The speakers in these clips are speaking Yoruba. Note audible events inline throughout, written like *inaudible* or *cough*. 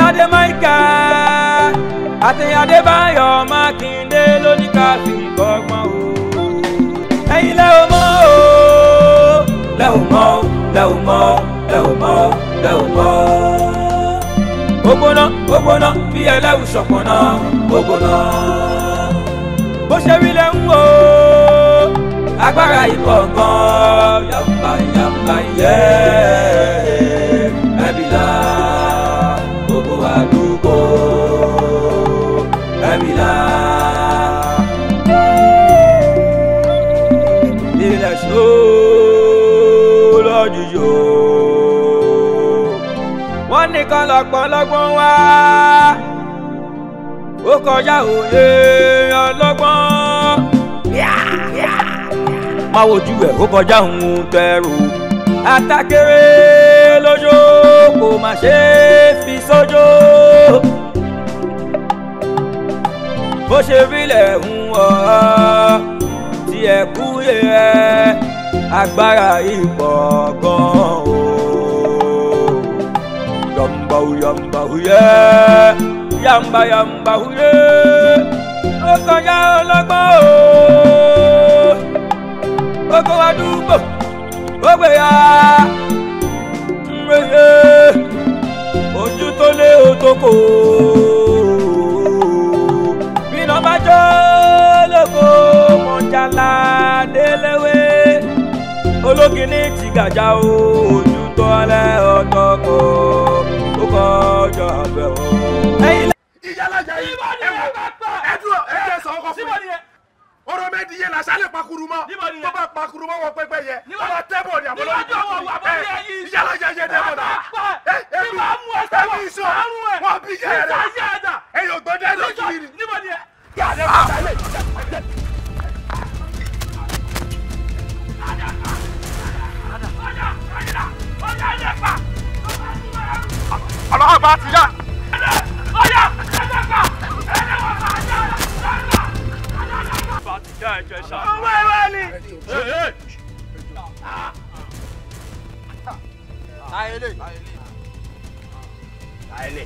Ọládé Michael àti Adébáyọ̀ Mákindé lóní ká fi gbọ́gbọ́n o. ẹ̀yin lẹ́ ò mọ̀ o. lẹ́ ò o lẹ́ ò mọ̀ o lẹ́ ò mọ̀ o lẹ́ ò mọ̀ o. ògbóná ògbóná bí ẹlẹ́wù ṣọ̀pọ̀nà ògbóná. bó ṣe wí lẹ́ ń wò ó. agbára ìkọ̀ọ̀kan yàmbá yàmbá yẹ́ ẹ̀bí láà àdúgbò ẹ̀mílá. ilẹ̀ ṣó lọ́dún yòó wọ́n nìkan lọ́pọ̀ lọ́gbọ́n wá ó kọjá òye ọlọ́gbọ́n. má wojú ẹ̀ ó kọjá òun tẹrù atakere lójó kò má ṣe sójó bó ṣe rílẹ̀ ń wọ̀ ọ́ tí ẹ kú yẹ ẹ́ agbára ìpọ̀ gan-an o. yọ̀mbà yọ̀mbà yẹ yàmbá yàmbá yẹ ó ya, ọlọ́gbọ́n o. ó kọ́ wa dúgbò ó gbé ya. ojú lé otoko bínú bá jó lóko mọ̀jálá déléwé ológìní ti gàjà ojú tọ́lẹ̀ ọ̀tọ̀kọ̀ ó kọjọ àbẹ̀wò. ẹ̀yin pẹ́pẹ́ di yé la sálẹ̀ pakuru tó bá pakuru wọ pẹ́pẹ́ yẹ tó bá tẹ́ bọ̀ ní àbọ̀lọ́ ní ìdílé ẹ ìyálà jẹjẹ tẹ́ bọ̀ náà ẹ ẹ bí ẹ bí sọ wọn bí yẹ rẹ ẹ yóò gbọ́ dẹ́ lọ́jọ́ yìí. ọlọ́wọ́ bá ti yá. ọ̀yà ẹ̀jẹ̀ pa ẹ̀jẹ̀ wọ̀ pa ẹ̀jẹ̀ rẹ̀ ti já ẹjọ́ ẹ ṣáà. ọwọ́ ẹ wá ní. láyélé láyélé.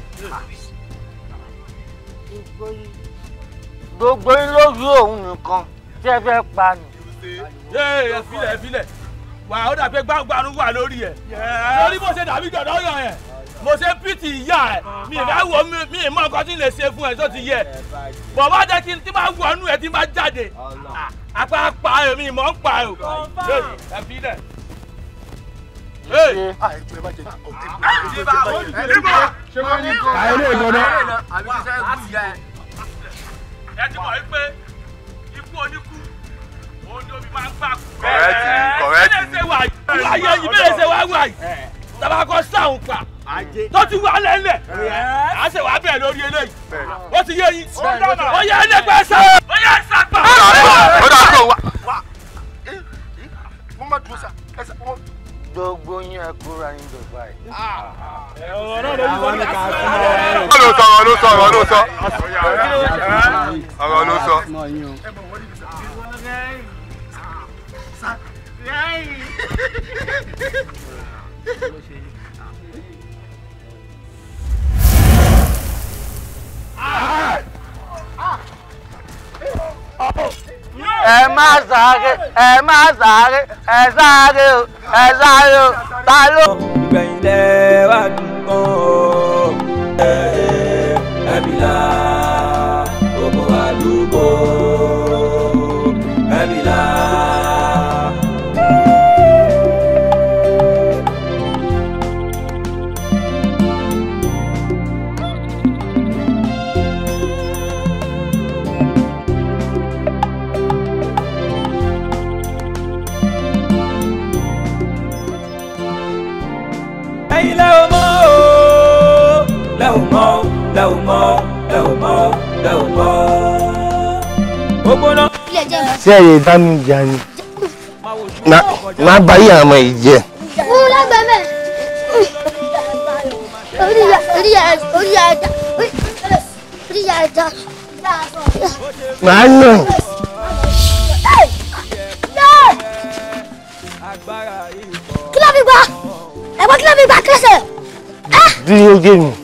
gbogbo yín ló rí òun nìkan tí ẹ fẹ́ pa nù. ẹ filẹ̀ filẹ̀ wà ó dàbí gbàgbà wà lórí ẹ̀ lórí bó ṣe dàbí dọ̀dọ̀ yàn ẹ̀ mo ṣe pìtì ìyá ẹ mi ìfẹ́ wọ mi ìmọ̀ nǹkan tí n lè ṣe fún ẹ tó ti yẹ bọ̀bá jẹ́ kí n tí máa wọnú ẹ tí máa jáde apá pa ẹ mi ìmọ̀ ń pa ẹ o ẹ ti mọ̀ wípé ikú oníkú òun ni omi máa ń gbà kú. Kọ̀rẹ́tì kọ̀rẹ́tì. Bẹ́ẹ̀ ṣe yìí, bẹ́ẹ̀ ṣe wá wà yìí. Tabakọ pa tó ti wà lẹ́lẹ̀ á sì wà bẹ́ẹ̀ lórí eléyìí ó ti yé yín ó yẹ ẹlẹgbẹ́ sá ó yẹ sàgbà. ó dà kó wa. mo máa dùn sá ẹ sá mo gbogbo yín akura yín dọ̀gba ah. yìí. ọ̀rọ̀ ló sọ ọ̀rọ̀ ló sọ ọ̀rọ̀ ló sọ ọ̀rọ̀ ló sọ. Right. *laughs* ẹ má sáré ẹ má sáré ẹ sáré o ẹ sáré o ta ló. ìgbẹ̀yìn lẹ́wà dùn kan ẹ̀ẹ́dẹ́gbẹ̀lá. lẹ ò mọ̀ lẹ ò mọ̀ lẹ ò mọ̀. gbogbo náà. ṣé ẹ̀yẹ dánú ìjà ni máa bá yí àwọn ìjẹ. mo lágbàá mẹ́rin oríyá oríyá oríyá ẹja oríyá ẹja. màá nù. kí ló fi gbà ẹ̀gbọ́n kí ló fi gbà kí ló ṣe. bí ojú mi.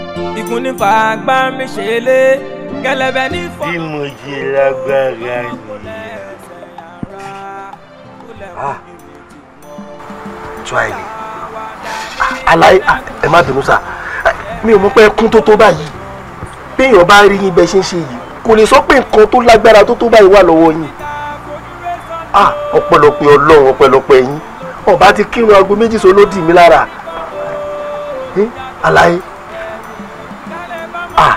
ikùn nífà gbá mi ṣe lé gẹlẹbẹ nífà. bí mo ṣe lágbára nìyẹn israeli alaye ẹ má bínú sá mi ò mọ̀ pé kún tó tó báyìí béèyàn bá rí yín bẹ ṣe ń ṣe yìí kò lè sọ pé nǹkan tó lágbára tó tó báyìí wà lọ́wọ́ yín ah, ọpẹ́lọpẹ́ Ọlọ́run ọpẹ́lọpẹ́ yín ọba ti kírun aago méjì sólódì mi lára eh, alaye ah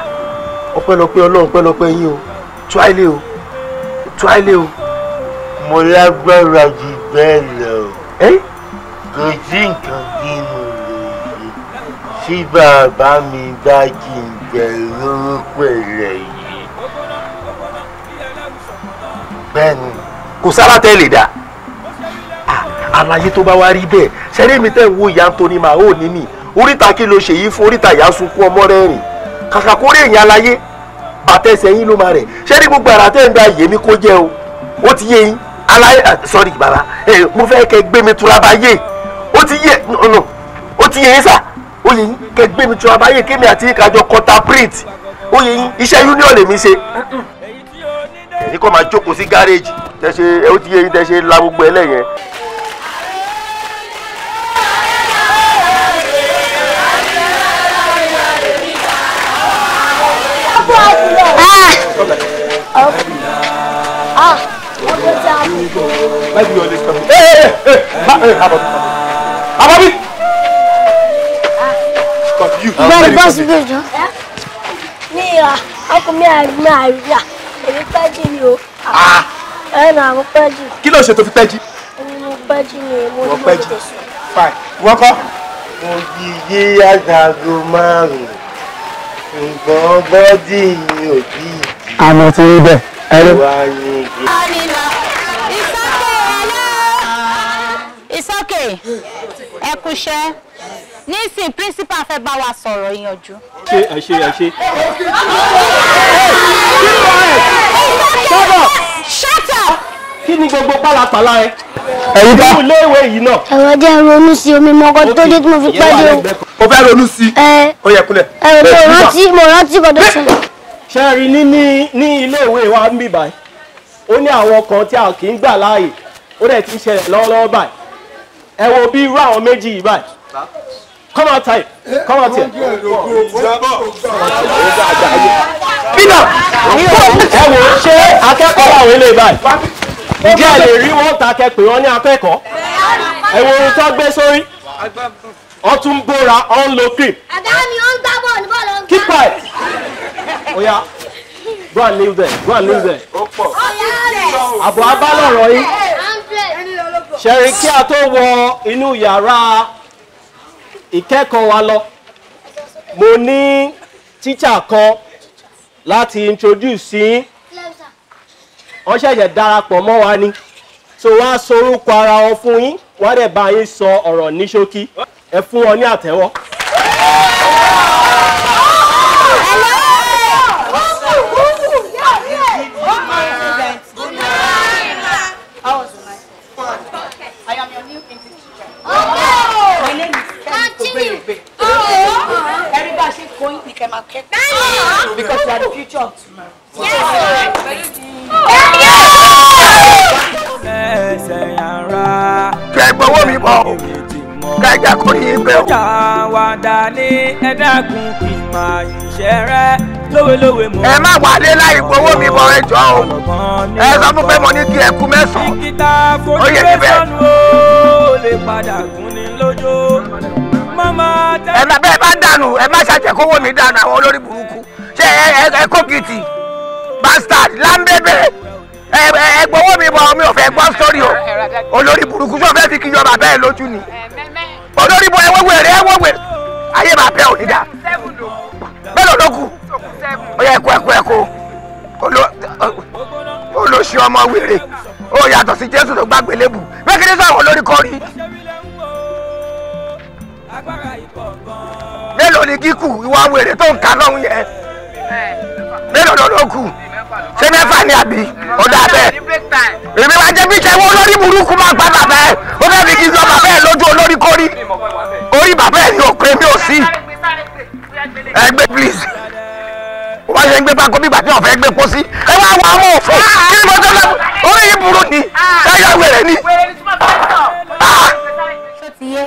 ọpẹ́lọpẹ́ Ọlọ́run ọpẹ́lọpẹ́ yín o tíwáìlì o tíwáìlì o. mo lágbára jù bẹ́ẹ̀ lọ kò sí nǹkan tí mo lè ṣe tí bàbá mi bá kí n bẹ̀rù pẹ̀lẹ́ yìí bẹ́ẹ̀ni. kò sára tẹ́ lè dà àlàyé tó bá wá rí bẹ́ẹ̀ ṣẹ́rí mi tẹ́ ń wo ìyá Anthony màá ò ní mi oríta kí ló ṣèyí fún oríta ìyá sunkún ọmọ rẹ̀ rìn kàkà kórè alaye aláyé bàtẹ́sẹ̀ yín ló máa rẹ̀ ṣé ní gbogbo àrà tẹ́ ń gba yèmí kó jẹ́ o ó ti yé yín aláyé ah, sorry bàbá ẹ eh, mo fẹ́ kẹ́ gbé mi tura bá yé ó ti yé no ó ti yé yín sà ó yé yín kẹ́ gbé mi tura bá yé kémi àti yín kájọ contaprint ó yé yín iṣẹ́ union lèmi ṣe ẹ̀yin kọ́ máa jókòó sí gáréèjì tẹ́ ṣe ó ti yé yín tẹ́ ṣe la gbogbo ẹlẹ́yẹn that? Oh. Ah. Let me always come. Hey, hey, hey, hey, Hababi, Hababi. Come, you. Very best builder. Mira, how come you are Maria? Èmi pẹ́ jí ni o. Ah. Ẹ nà mo pẹ́ jí. Kí ló ṣe tó fi pẹ́ jí? Mo pẹ́ jí ni mo ní mo tètè sùn. Fine, wọ́n kọ́. Mo jí yé àgàdo márùn-ún, ǹgbọ́n bọ́dì mi ò bí i àmọ́ ti rí bẹ́ẹ̀ ẹ rí. it's okay ẹ kúṣẹ́ nísìn principal fẹ́ bá wa sọ̀rọ̀ ìyànjú. ṣe àṣe àṣe. sọ́bọ̀ shut up. kí ni gbogbo pálapàla ẹ. ẹ̀yin bá ilé ìwé yìí náà. ẹ̀rọ jẹ́ ronú sí omi mọ́kọ tó dé tí mo fi pẹ́ dé o. o fẹ́ ronú sí. ẹ ó yẹ kúlẹ̀. ẹ mo rántí mo rántí kọ́dọ̀ sẹ́yìn ṣẹ́ẹ̀rì ní ní iléèwé wa ń bì báyìí ó ní àwọn kan tí a kì í gbà láàyè ó dẹ̀ ti ń ṣẹlẹ̀ lọ́wọ́lọ́wọ́ báyìí ẹ wo bí irú àwọn méjì yìí báyìí come out time come out here. bínà ẹ wo ṣé akẹ́kọ̀ọ́ wà wọlé báyìí ǹjẹ́ ẹ lè rí wọn ta kẹ́pẹ́ wọn ní akẹ́kọ̀ọ́ ẹ wo ohun tó gbé sórí ọtún bóra ọ̀n lo kípa ẹ̀ oya go and leave there. go and leave there. àbọ̀ abálọ̀rọ̀ yìí ṣẹ̀rí kí a tó wọ inú yàrá ìkẹ́kọ̀ọ́ wa lọ mo ní tíṣà kan láti introduce sí wọ́n ṣẹ̀ṣẹ̀ darapọ̀ mọ́ wa ni so wọ́n á sorúkọ ara wọn fún yín wọ́n á dẹ̀ bá yín sọ ọ̀rọ̀ ní ṣókí ẹ fún wọn ní àtẹ́wọ́. Hello. kẹ́ máa kẹ́kọ̀ọ́. because you are the future of tomorrow. ẹsẹ̀ yàrá. fẹ́ gbọ́wọ́ dànù ẹ má ṣàjẹkówó mi dànù àwọn olórí burúkú ṣe ẹ ẹ bastard lambebe ẹ ẹ gbowó mi bọ mi ò fẹ́ gbọ́ sórí o olórí burúkú sọ fẹ́ fi kí yọba bẹ́ẹ̀ lójú ni olórí bọ ẹwọ wẹrẹ ẹwọ wẹrẹ ayé bàbá ẹ ò ní dà bẹ́ẹ̀ lọ lókù ọyọ ẹkọ ẹkọ ẹkọ olóṣì ọmọ wèrè ó yàtọ̀ sí jésù tó gbàgbé lébù àwọn olórí kọ́ ni kíkù ìwà wèrè tó ń kà lọ́hùn yẹn mélòó ló kù ṣé mẹ́fà ni àbí ọ̀dà bẹ́ẹ̀ èmi máa jẹ́ bí kẹwọ́ olórí burúkú máa gba bàbá ẹ̀ ó fẹ́ fi kí bàbá ẹ̀ lójú olórí kórí orí bàbá ẹ̀ ni ò pé mi ò sí ẹgbẹ́ please wọ́n ṣe ń gbé báko bí bàtí ọ̀fẹ́ gbé pósí ẹ wá wọ àwọn òfò kí ni mo tọ́ lọ orí yìí burú ni ẹ yà wẹ̀rẹ̀ ni. Ah! ṣé ti yẹ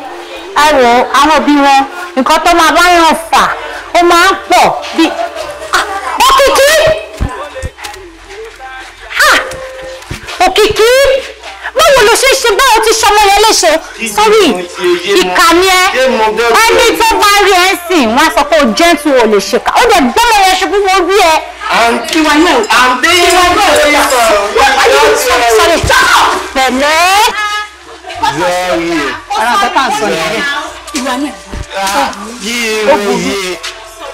ẹ wọ àwọn òbí wọn nǹkan tó máa bá yàn fà ó máa ń pọ̀ bí ah, òkìkí òkìkí báwo ló ṣe ṣe báwo ti ṣọmọ yẹn léṣe sórí ìkànnì ẹ ẹni tó bá rí ẹ sìn wọn á sọ pé o jẹ́ntu ò lè ṣèkà ó dẹ̀ gbọ́mọ yẹn ṣubú mo rí ẹ. ìwà náà ìwà náà ló yà sọ̀rọ̀ pẹ̀lẹ́ zọrí ẹ. ara bàtà sọ yẹn ìwà náà. yíyẹ wẹyẹ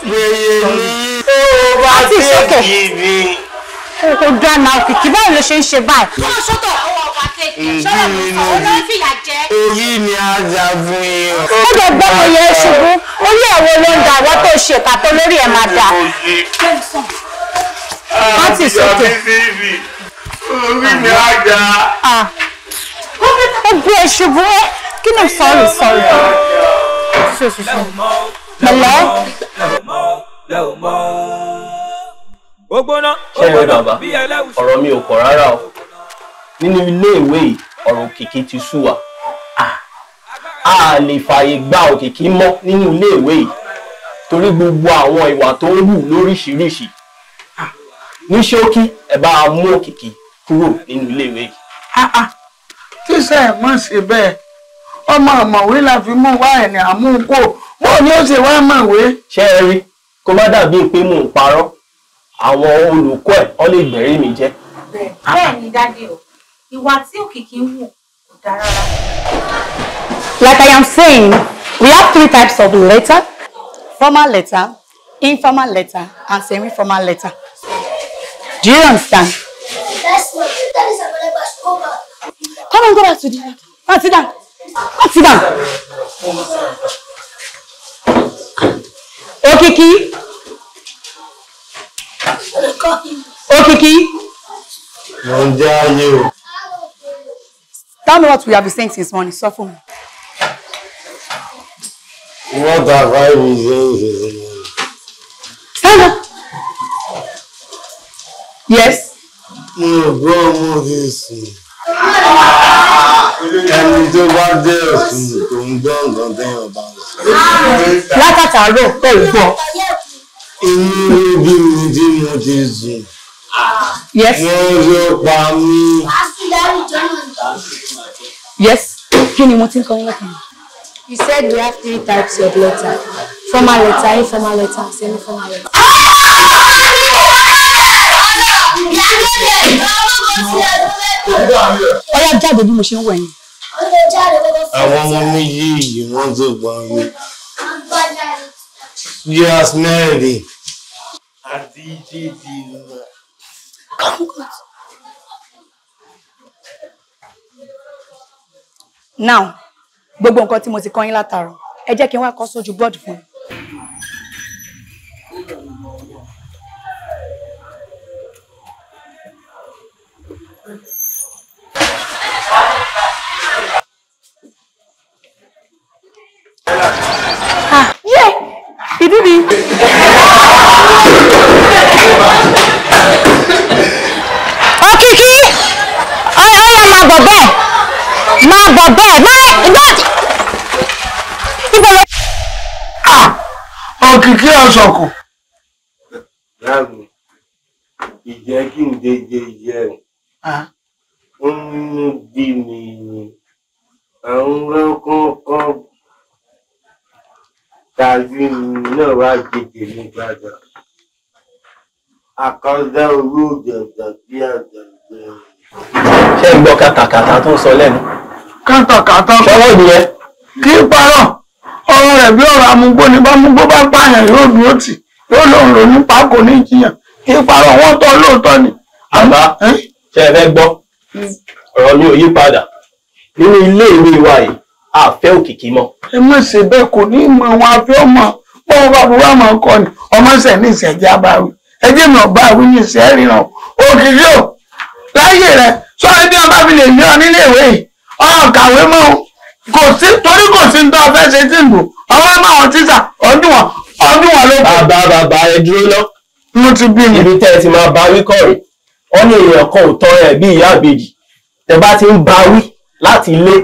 wẹyẹ ní. àti ìsókè kò dáná òkìkí báwo ló ṣe ń ṣe báyìí. kọ́ sọ́tọ̀ ọwọ́ ọ̀gá tẹ̀kẹ̀ sọ́rọ̀ mi sọ olórí fìyà jẹ. èyí ni a jà fún yín. ó lè gbọ́ mo yẹ ṣubú orí ẹ̀wọ̀ ló ń da àwọn tó ṣe kàtó lórí ẹ̀ máa dà. Ah, àti ìsókè. orí mi á ga. Ah ẹbí ẹ ṣubú ẹ kí sorry. sọrí sọrí ṣe ṣe ṣe pẹ̀lẹ́. ṣé ìwé bàbá ọ̀rọ̀ mi ò kọ̀ rárá o nínú ilé ìwé yìí ọ̀rọ̀ òkìkí ti sú wa a lè fààyè gba òkìkí mọ́ nínú ilé ìwé yìí torí gbogbo àwọn ìwà tó ń hù lóríṣiríṣi ní ṣókí ẹ bá a mú òkìkí kúrò nínú ilé yìí tíṣà ẹ̀ mọ̀ sí bẹ́ẹ̀ ọmọ ọ̀mọ̀wé la fi mú wá ẹ̀ ní àmúkò bóò ni ó ṣe wá mọ̀wé. ṣé ẹ rí kó má dàbí pé mò ń parọ́ àwọn olùkọ́ ẹ̀ ọ́ lè gbẹ̀rí mi jẹ́. bẹ́ẹ̀ ni dádì o ìwà tí òkìkí ń wù kò dáa Like I am saying, we have three types of letter, formal letter, informal letter, and semi-formal letter. Do you understand? Come on, go back to the house. sit down. sit down. Okiki. Okiki. Mo ń jẹ́ Tell me what we have been saying since morning. So fún mi. What have I been saying since morning? Stand up. Yes. Mo gbọ́ ọmọ this. sùn ẹni tó bá jẹ́ ọ̀sùn tó ń gbọ́ nǹkan téèyàn bá ń sọ. látàtàárọ̀ pẹ̀ ń bọ̀. inú ibi mi tí mo ti sùn. wọ́n ló pa mí. yes kí ni mo ti ń kọ́ lọ́kàn. you said we have three types of letter formal letter informal letter and semi-formal letter ọyá jáde bí mo ṣe ń wẹ̀ àwọn ọmọ mi yìí wọ́n tó gbọ́n mi. yas mary now gbogbo nǹkan tí mo ti kọ́ yín látàárọ̀ ẹ jẹ́ kí n wá kọ sójú bọ́ọ̀dù fún yín. ṣubú I I am máa bọ̀ bẹ́ẹ̀ máa bọ̀ bẹ́ẹ̀ máa ìgbà ìbọ̀lọ̀. òkìkí ọ̀sọ̀kù. láàmú ìjẹ́ kí n jẹjẹ ìyẹ́ ẹ̀ ń mú bí mi àwọn kan kan ṣáájú mi náà wá gbèdè mi padà àkọ́dá owó òjọ̀jọ̀ bí àjọ̀jọ̀. ṣé ń gbọ́ kàtàkàtà tó ń sọ lẹ́nu. kàtàkàtà ṣọwọ́ ìdíyẹ. kí n parọ́ ọ̀rọ̀ rẹ̀ bí ọ̀rọ̀ amúgbó ni bá múgbó bá pààyàn yóò dúró tì yóò lòun lò ní pákó ní ìjìyàn kí n parọ́ wọ́n tọ́ lóòótọ́ ni. àbá ṣe é fẹ́ gbọ́ ọ̀rọ̀ mi ò yí padà nínú ilé ìwé wa yìí àfẹ́ òkìkí mọ ẹ bẹ́ẹ̀ kò ní mọ àwọn afẹ́ ọmọ bọ́ọ̀ bá burú àmọ́ kọ́ ni ọmọ ṣẹ̀ ní ìṣẹ̀jẹ̀ abáwí ẹjẹ́ mi ọba àwí ní ìṣẹ́ ríran òkìkí láyé rẹ sọ ẹ ọba mi lè ní nílé ìwé kàwé o kò sí torí kò sí ṣe tí ń ẹ wọn bàbá bàbá ẹ dúró lọ. mo ti bí mi.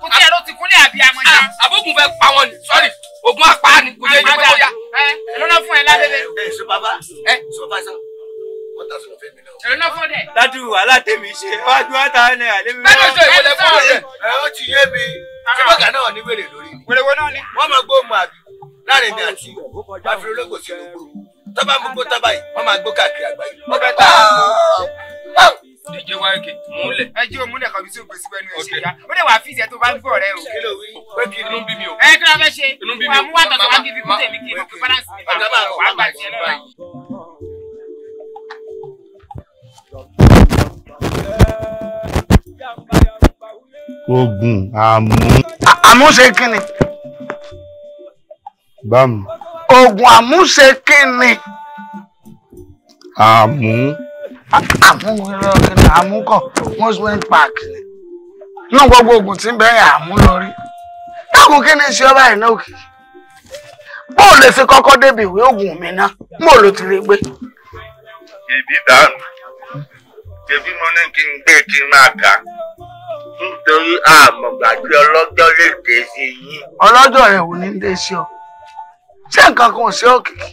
kò tí ẹ̀rọ ti kúnlẹ̀ àbí amọ̀já. àbógun ah, fẹ́ pa wọn ni sọ́ọ̀rì ogun apá ni kò yẹ kó yá. ẹ ẹ lọ́nà fún ẹ ládélé. ẹ ṣe bàbá ẹ ṣe bàbá sàn láti wàhálà tèmi ṣe wájú ọ̀tá náírà lèmi. bẹ́ẹ̀ ló ṣe ìwọlé fún ọ̀rẹ́. ẹ ó ti yé mi sọ́kà náà ní wèrè lórí mi. wèrè wo náà ni. wọ́n máa gbó ohun àbí láàrin mi àti àfihàn olóko sí olóko DJ YK múlẹ̀. ẹ jẹ́ òmúlẹ̀ kan bí tí o gbèsè pẹ̀lú ẹ̀ ṣe ó lè wà fíìsì ẹ̀ tó bá ń gbọ́ rẹ o. pé kí inú bí mi o. ẹ kí ló fẹ́ ṣe wà mú wà tọ̀tọ̀ wá kí ibi kú tèmi kí n kí balance mi máa wà á gbà jẹ́ lọ́la. oògùn àmú. àmú ṣe kí ni. bámu. oògùn àmú ṣe kí ni. àmú. Ah, àmúwìrán kìnnì àmúkàn mosman park ni náà gbogbo ogun tí ń bẹ̀rẹ̀ àmúlọrí táwọn kí ni ṣe ọba ẹ̀ náà kì í bó o lè fi kọ́kọ́ débi ìwé oògùn mi ná mo ló ti rí gbé. èbí dànù èbí mo ní kí n gbé kí n máa kà nítorí ah, àmọ̀gbàgbé ọlọ́jọ́ lè dé sí yín. ọlọ́jọ́ rẹ̀ ò ní dé sí ọ ṣé nǹkan kan ṣe òkìkí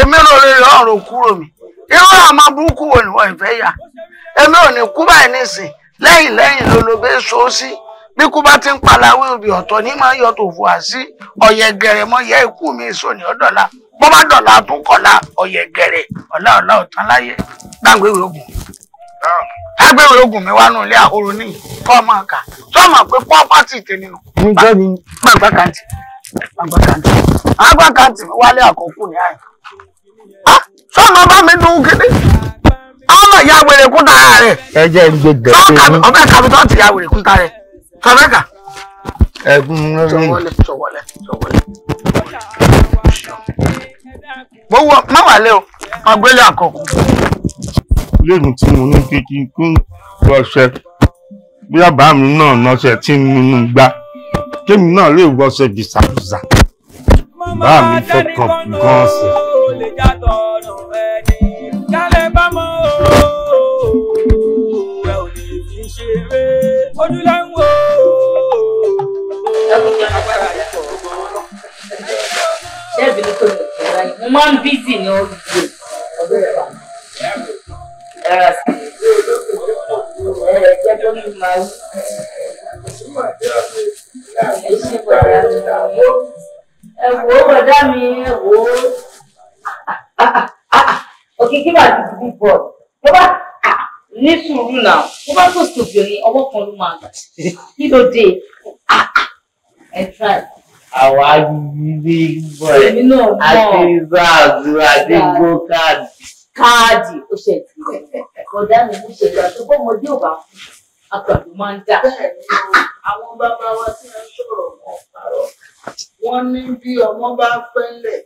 èmi ló lè rí ọ̀rọ̀ kúrò mi irú àmọ́ burúkú wo ni wọ́n ìfẹ́ yà èmi ò ní kú báyìí nísìn lẹ́yìn lẹ́yìn ló ló bẹ́ so sí bí kú bá ti ń palawé obì ọ̀tọ̀ ní máa ń yọ tòfu àsí ọ̀yẹ̀ gẹ̀rẹ̀ mọ́ yẹ ikú mi èso ní ọ̀dọ̀la bó bá dọ̀la tún kọ̀la ọ̀yẹ̀ gẹ̀rẹ̀ ọ̀la ọ̀la ọ̀tán láyé gbàgbéwé ogun gbàgbéwé ogun mi wá nù ilé àhóró ní kọ́ ọmọ ọ̀kà tó mọ̀ pé pọ́pátì tẹ̀ nínú. mi jẹ́ mi gbàgbá kan ti agba kan ti wálé àkókò ní àyè sọ́ọ̀mọ́ bá mi dùn kíní ọmọ ìyá wèrè kúta rẹ̀ ẹjẹ́ ìgbé gẹ̀ẹ́sì sọ́ọ̀kà ọbẹ̀ kàbí tó ti ya wèrè kúta rẹ̀ sọ́ọ̀kà ẹ̀gún rẹ̀ sọ̀wọ́lẹ̀ sọ̀wọ́lẹ̀ gbowó má wà lé o má gbélé àkókò. lẹ́nu tí mo ní kí kún ọṣẹ bí àbá mi náà nọṣẹ tí mo ń gbá kémi náà lè wọ ṣe bìsàbùsà bá mi fẹ́ kàn gan sí. ojúlẹ̀ ń wò ó. ṣẹ́ẹ̀bì ni kò lè tó báyìí mo máa ń bízì ní orí ọ̀gbẹ́ rẹ̀ wà. ẹ̀rọ sí i. ẹ̀rọ jẹ́ tó ní màá wú ẹ ṣe bọ̀dá mi ẹ wò ó bọ̀dá mi ẹ wò ó òkìkí bá ti bí bọ̀ tó bá ní sùúrù náà tó bá kò sí obìnrin ọwọ́ kan ló máa gbà kí ló dé ẹ tíra àwa gbígbé bọ̀ àti zazu àti gokad. káàdì ó ṣe ìdílé bọ̀dá mi mo ṣe ìgbà tó bọ́ ọmọdé ò bá fún mi àgbàdo máa ń dà. àwọn bàbá wa tí wọ́n sọ̀rọ̀ wọn parọ́ wọ́n ní bí ọmọ bá pẹ́lẹ̀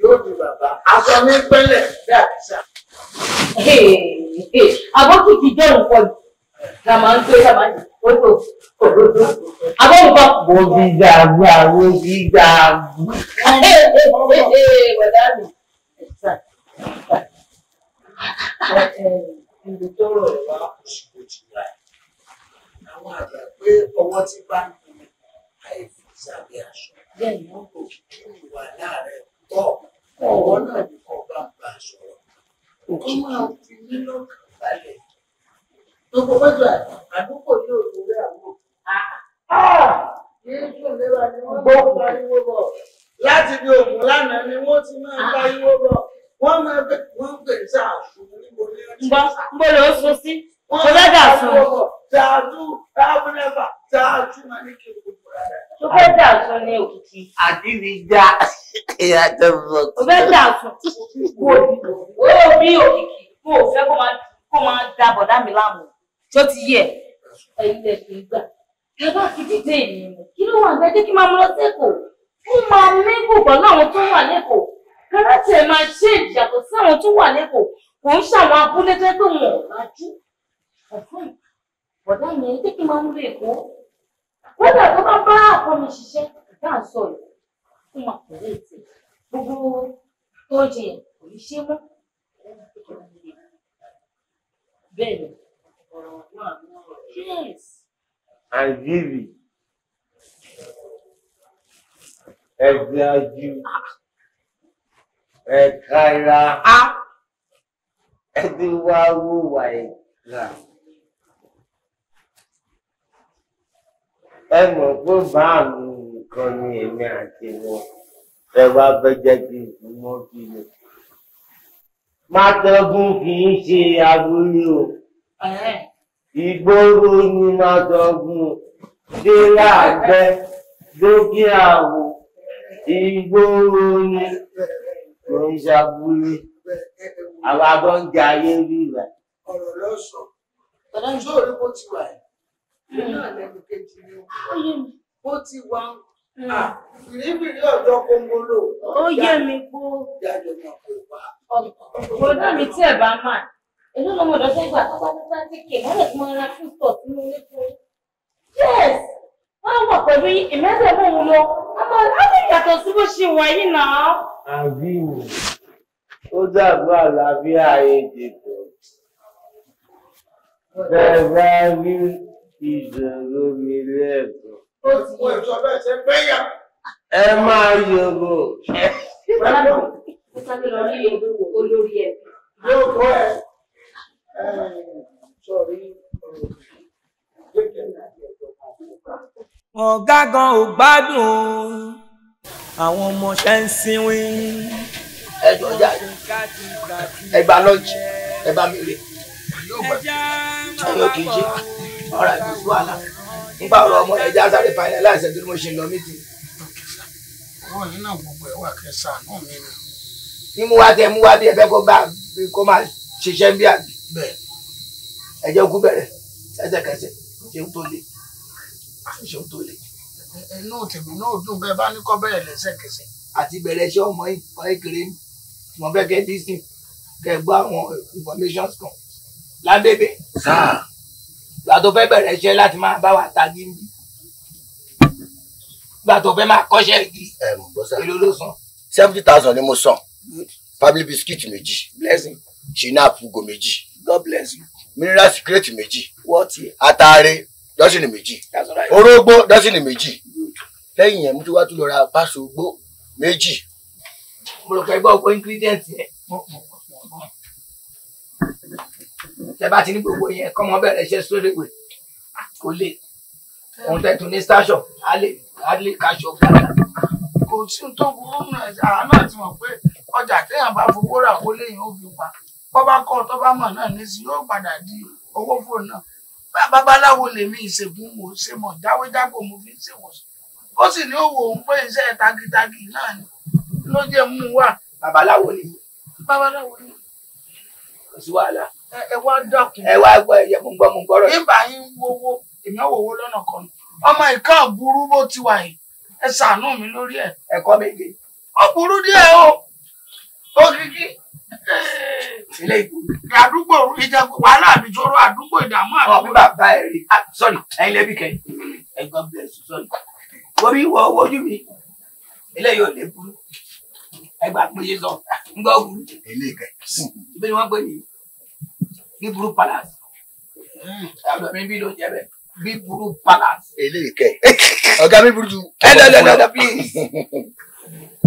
yóò di bàbá aṣọ mi pẹ́lẹ̀ dàbísà. àbọ̀ kìkì jẹ́ nǹkan la máa ń gbé la máa ń kótó òdodo àbọ̀ nǹkan. mo ti dàgbà mo ti dàgbà. bàdá mi ibi tó rọ̀ àwọn àgbà pé ọwọ́ tí bá ń kú àìfi sábẹ́ aṣọ lẹ́yìn wọn kò kí ìwà láàrẹ̀ tọ́ ọwọ́ náà ní kò bá ń bá a sọ̀rọ̀ kó máa fi mí lọ́kàn balẹ̀ gbogbo mọ́tò àdúgbò yóò lórí àwọn ah, ah! láti bí ògùn lánàá ni wọ́n ti máa ń bá yíwó bọ̀ wọ́n máa bẹ̀ wọ́n bẹ̀ sáà ṣùgbọ́n níbo ni wọ́n ti bá. ń bọ̀ lọ sọ sí kò lẹ́dà sùn dàdú rábùnẹ́fà dàdú máa ní kí n gbogbo rárá. tó fẹ́ dàsún ní òkìkí. àdìrí já ìyá tó ń bọ̀. tó fẹ́ dàsún kó o bí òkìkí kó o fẹ́ kó máa da bọ̀dá mi láàmú tó ti yẹ ẹ̀yìnlẹ̀ fi gbà. ẹ bá fi dídé ènìyàn kí ló wà ń gbẹ́jẹ́ kí máa mú lọ sẹ́kọ̀ọ́ ó máa ní gbùgbọ́ láwọn tó wà lẹ́kọ̀ọ́ káràtì ẹ̀ máa ṣe ìyàtọ̀ sí àwọn tó wà lẹ́kọ̀ọ́ kò ń ṣàwọn abúlé tẹ́gbẹ́ wọn ọ̀làjú ọ̀fún ìk bọ̀dá yẹn jẹ́ kí n máa ń lo èkó kódà tó bá bá ọkọ mi ṣiṣẹ́ ìdá ń sọ yìí kó máa pọ̀ léètì gbogbo tó ń kò ní ṣe mọ́ bẹ́ẹ̀ ọ̀rọ̀ náà yes. àìrírí ẹgbẹ́ ajú ẹ̀ka ara ẹni wá wúwa ẹ̀ka. ẹ mọ̀ pé báàmù nǹkan ni èmi àti wọn ẹ wá fẹ́ jẹ́ kí n fi mọ́ bí mi. Mátẹ́gùn kì í ṣe abúlé o. Ìgboro ni mátẹ́gùn dé láàgbẹ́ lókè àwò. Ìgboro ni kò ń ṣàbúlé. Àwọn abọ́ ayé rí rẹ̀. Ọ̀rọ̀ lọ́sọ̀ọ́. Tọ́lá ń sọ̀rọ̀ ní kó ti wà yìí nínú àlẹ́nu kejì ni ó ti wá ìrírí ọ̀dọ́ kóngolo. ó yé mi gbó. ọ̀gbọ́dọ̀ mi tí ẹ̀ bá mà èló lọ́mọ ọ̀dọ́ tó gbà pátápátá tí kè wọ́n lè fún ara fún pọ̀ sínú nítorí. yes wọ́n wà pẹ̀lú ìmẹ́sẹ̀ mú un lọ àmọ́ láti yàtọ̀ sí bó ṣe wà yìí nà. àbí o ó dàgbà làbí ààyè dìbò bẹ́ẹ̀ bá rí ìṣòro mi lẹ́ẹ̀kan. ó ti mú ẹ̀ṣọ́ bẹ́ẹ̀ ṣe gbẹ́yà. ẹ máa yọ̀rọ̀. bàbá mi sáré lọ rí olórí ẹ. yóò kọ́ ẹ sọ̀rí ọ̀rọ̀ ọ̀gá gan ò gbádùn àwọn ọmọọṣẹ́ ń sinwin. ẹ jọ ya ẹ gba lọ́ọ̀jì ẹ bá mi rè yóò gbà ẹ̀yọ́ kì í ṣe ọ̀rọ̀ àti ìlú àlà nípa ọ̀rọ̀ ọmọ yẹn já sáré fàyẹ̀ láìsẹ̀ tó ní mo ṣe lọ mítì. ọ̀rọ̀ yìí náà gbogbo ẹ̀ wà kẹsàn-án náà mi nù. ní mú wá tẹ mú wá bí ẹ fẹ́ kó bá kó máa ṣiṣẹ́ bí àbí. bẹ́ẹ̀ ẹ jẹ́ kú bẹ̀rẹ̀ ẹsẹ̀kẹsẹ̀ ṣeun tó le ṣeun tó le. inú tèmi náà dùn bẹ́ẹ̀ bá ní kọ́ bẹ̀rẹ̀ lẹ́sẹ̀kẹsẹ̀. àti bẹ̀rẹ̀ iṣẹ́ ọmọ ìkéré mi mo fẹ́ kẹ́ dísìn kẹ́ gbọ́ àwọn informations kan ládébé. sáà gbà tó fẹ́ bẹ̀rẹ̀ iṣẹ́ láti máa bá wa ta gíńbì gbà tó fẹ́ máa kọ́ṣẹ́ igi èlò ló san. seventy thousand ni mo san family biscuit méjì blessing shinap méjì god bless you mineral secret méjì wọ́ọ̀tì dọ́sìnì méjì orógbó dọ́sìnì méjì lẹ́yìn yẹn mo ti wá tún lọ ra páṣọ ogbó méjì. mo rò pé gbọ́ pé ingredient yẹn tẹ́bá ti ní gbogbo yẹn kọ́ mọ́ bẹ̀rẹ̀ iṣẹ́ sórí ìwé kò lè òun tẹ̀ tún ní station á lè á lè kaṣọ gbàdá. kò sí tó burú nù àwọn náà ti mọ̀ pé ọjà téèyàn bá fowó rà kó léyìn ó fi pa bọ́ bá kọ́ tó bá mọ̀ náà ní sí yóò padà di owó fóònù náà bá babaláwo lèmi ìṣègùn mò ń ṣe mọ̀ jáwéjágbò mo fi ń ṣèwòsàn ó sì ní òwò òun pé iṣẹ́ tagitagi náà ni ló jẹ́ mú wà. babaláwo ni. babaláwo ni. kò sí wàhálà. ẹ wá dákun. ẹ wá gbọ́ ẹ̀yẹ mo ń gbọ́ ń wowó èmi ọmọ ìka burú bó ti wà yìí ẹ mi lórí ẹ. ó burú o òkìkí ilé ìgbòho. àdúgbò ìjàgbọ́ wàhálà àdúgbò ìdààmú àdúgbò. rí ah, mi ilé yóò lè burú Buru palace àbẹ̀mí bí ló jẹ́ bẹ́ẹ̀ bíburú palace. eléyìí kẹ ọgá bíburú ju. ẹ dọdọ dọdọ please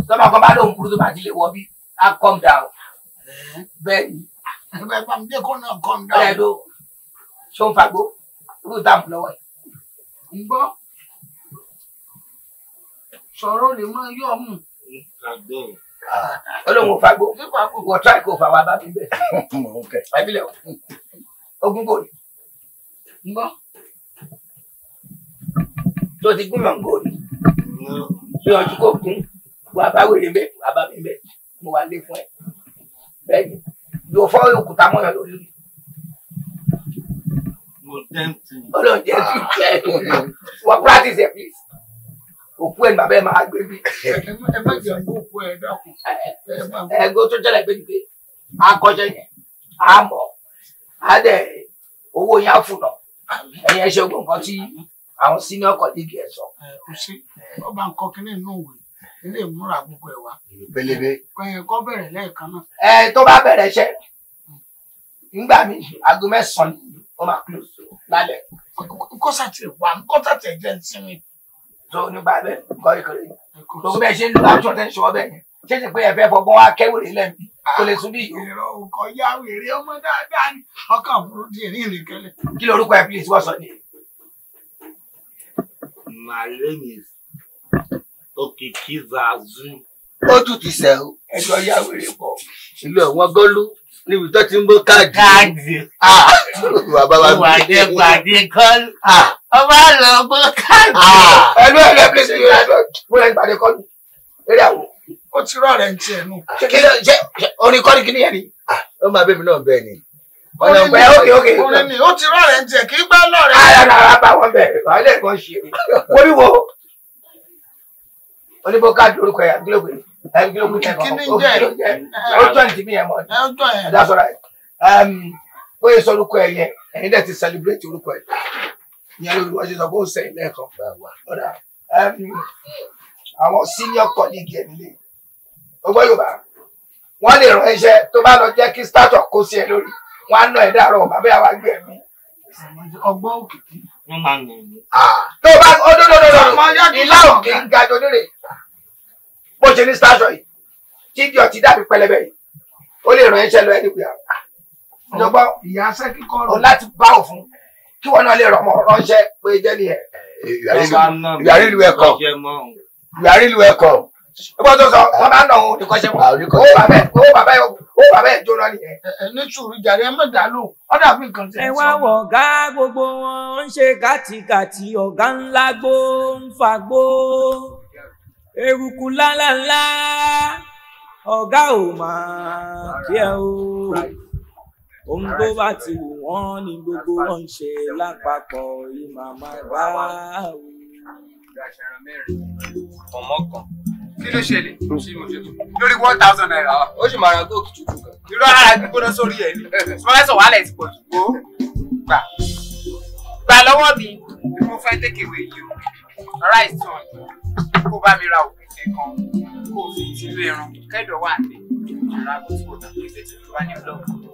sọba kan bá lóun burú tó bá ti lè wọ bí i calm down bẹ́ẹ̀ ni. ẹ bá mi dé náà calm down. ọ̀rẹ́ ló ṣó ń fagbó irú táàmù lọ́wọ́ yìí. ń gbọ́ sọ̀rọ̀ lè mọ yọ̀ọ̀mù. Ọlọ́run fagbó fífọ́ àkókò ọ̀tá ìkó fà wá bá mi bẹ̀. Àbílẹ̀ *laughs* ogun kò ní. Ń bọ́. Tó ti gún yàn kò ní. Bí ọtí kò gún, wà bá wèrè bẹ́ẹ̀, wà bá mi bẹ́ẹ̀, mo wà lé fún ẹ. Bẹ́ẹ̀ni, yóò fọ́ òkúta mọ́yàn lórí mi. Ọlọ́run jẹ́ sí. *laughs* Wọ́n practice ẹ̀ please òkú ẹ̀ bàbá ẹ̀ máa gbé bí. ẹ má jẹ àwọn òkú ẹ dákun. ẹgbẹ́ tó tẹ́lẹ̀ pé nígbè á kọ́ṣẹ́ yẹn á mọ̀ á dẹ̀ owó yẹn á fùnà ẹ̀yìn ẹ̀ṣẹ̀ ogun nǹkan tí àwọn senior colleague ẹ̀ sọ. kò sí ọba nǹkan kínní inú òwe ilé ìmúra gbogbo ẹ̀ wá. pélébé. kọ́ bẹ̀rẹ̀ lẹ́ẹ̀kan náà. ẹ tó bá bẹ̀rẹ̀ iṣẹ́ nígbà mi aago mẹ́sàn-án ni ó máa close lálẹ́. kọ́sà tiẹ̀ wà kọ́sà tiẹ̀ jẹ́ ìsinmi sọ nípa abẹ́ nǹkan ìkọ̀rẹ́ lóko bẹ́ẹ̀ ṣe ń lo action tẹ́ ń ṣọwọ́ bẹ́ẹ̀ yẹn ṣé ti pé ẹ̀fẹ́ fọgbọ́n wá kẹ́wèrè lẹ́mí kó lè sún bí ìyó. èrò òkò ya wèrè ọmọ dáadáa ni ọkàn burúkú èrè ìrìnkẹlẹ. kí lorúkọ ẹ please wọ́n sọ ni. my name is Òkìkí Zazu. ó tún ti sẹ́ o ẹjọ́ ya pọ̀. ìlú ẹ̀wọ̀n gọ́lú níbi tó ti ń gbé káàdì. káàdì. bàbá wa bí. ìwà dé pàdé kọ́lù. ọba lọ gbé káàdì. ẹnu ẹ̀ lẹ́pẹ́ sí ìyá ẹ̀dọ́ mo lẹ́nu pàdé kọ́lù lórí àwọn. ó ti rọ rẹ̀ ń tiẹ̀ nù. orin kọ́ni kí nìyẹn ni. ó máa bẹ́ẹ̀ mi náà bẹ́ẹ̀ ni. ọ̀nà ọ̀gbẹ́ ókè ókè. orin ni ó ti rọ rẹ̀ ń tiẹ̀ kì í gbá lọ rẹ̀. ara rà bá wọn bẹ̀ wàhálẹ̀ kan ṣe. wọ́n ní wo oníbó káàdì orúkọ yà kíní that's all right ó orúkọ ẹ yẹn dẹ̀ ti celebrate orúkọ ẹ̀ ìyẹn ló wọ́n ṣe sọ pé ó lẹ́ẹ̀kan ọ̀dà àwọn senior colleague ẹ̀ nílé ọgbọ́ Yorùbá wọ́n lè ràn ah. iṣẹ́ tó bá lọ jẹ́ kí startup kó sí ẹ lórí wọ́n á ná ẹ̀ dàrọ̀ bàbá yà wá gbé ọgbọ́n òkìkí. tó bá ọdún dọdọdọ ìlà òkè ń ga bó ṣe ní station yìí tí ìdí ọtí dàbí pẹlẹbẹ yìí ó lè ràn ẹṣẹ lọ ẹni pé ìjọba ìyá kíkọ rẹ láti bá òfin kí wọn náà lè rọmọ ránṣẹ́ pé jẹ ah, ni ẹ. ìyàrí ìlú ẹ̀kọ́ ìyàrí ìlú ẹ̀kọ́ ìgbọ́n tó sọ wọn bá nà òun nìkan ṣe wọn ó bàbá ẹ ó jóná ni. ẹ ní sùúrù jàre ẹ má dàlú ọ dàbí nǹkan tẹ ẹ sọ. ẹ wá wọ ọ̀gá gbogbo wọn ń ṣe kàtìkàtì ọ̀gá ńlá gbó ń fa gbó eruku ńláńláńlá ọ̀gá ò máa kí ẹ o ohun tó bá ti wù wọ́n ni gbogbo wọn ń ṣe lápapọ̀ yìí máa máa bá o. ọmọ kan kí ló ṣẹlẹ̀ lórí one thousand naira ó sì máa ra góòkì tuntun kan. irọ́ ara gbígbóná sórí ẹ̀ ni sọ́wọ́sọ̀ wàhálà ẹ̀ ti pọ̀ jù kó gbà gbà lọ́wọ́ mi ni mo fẹ́ tẹ́kẹ̀wé yìí o rice on kó bá mi ra òkèké kan kó fi ìtìlú ẹran kẹ́dọ̀ wà ní ìràbò tí kò tàbí ìṣẹ́ tí kò bá ní blọọkù.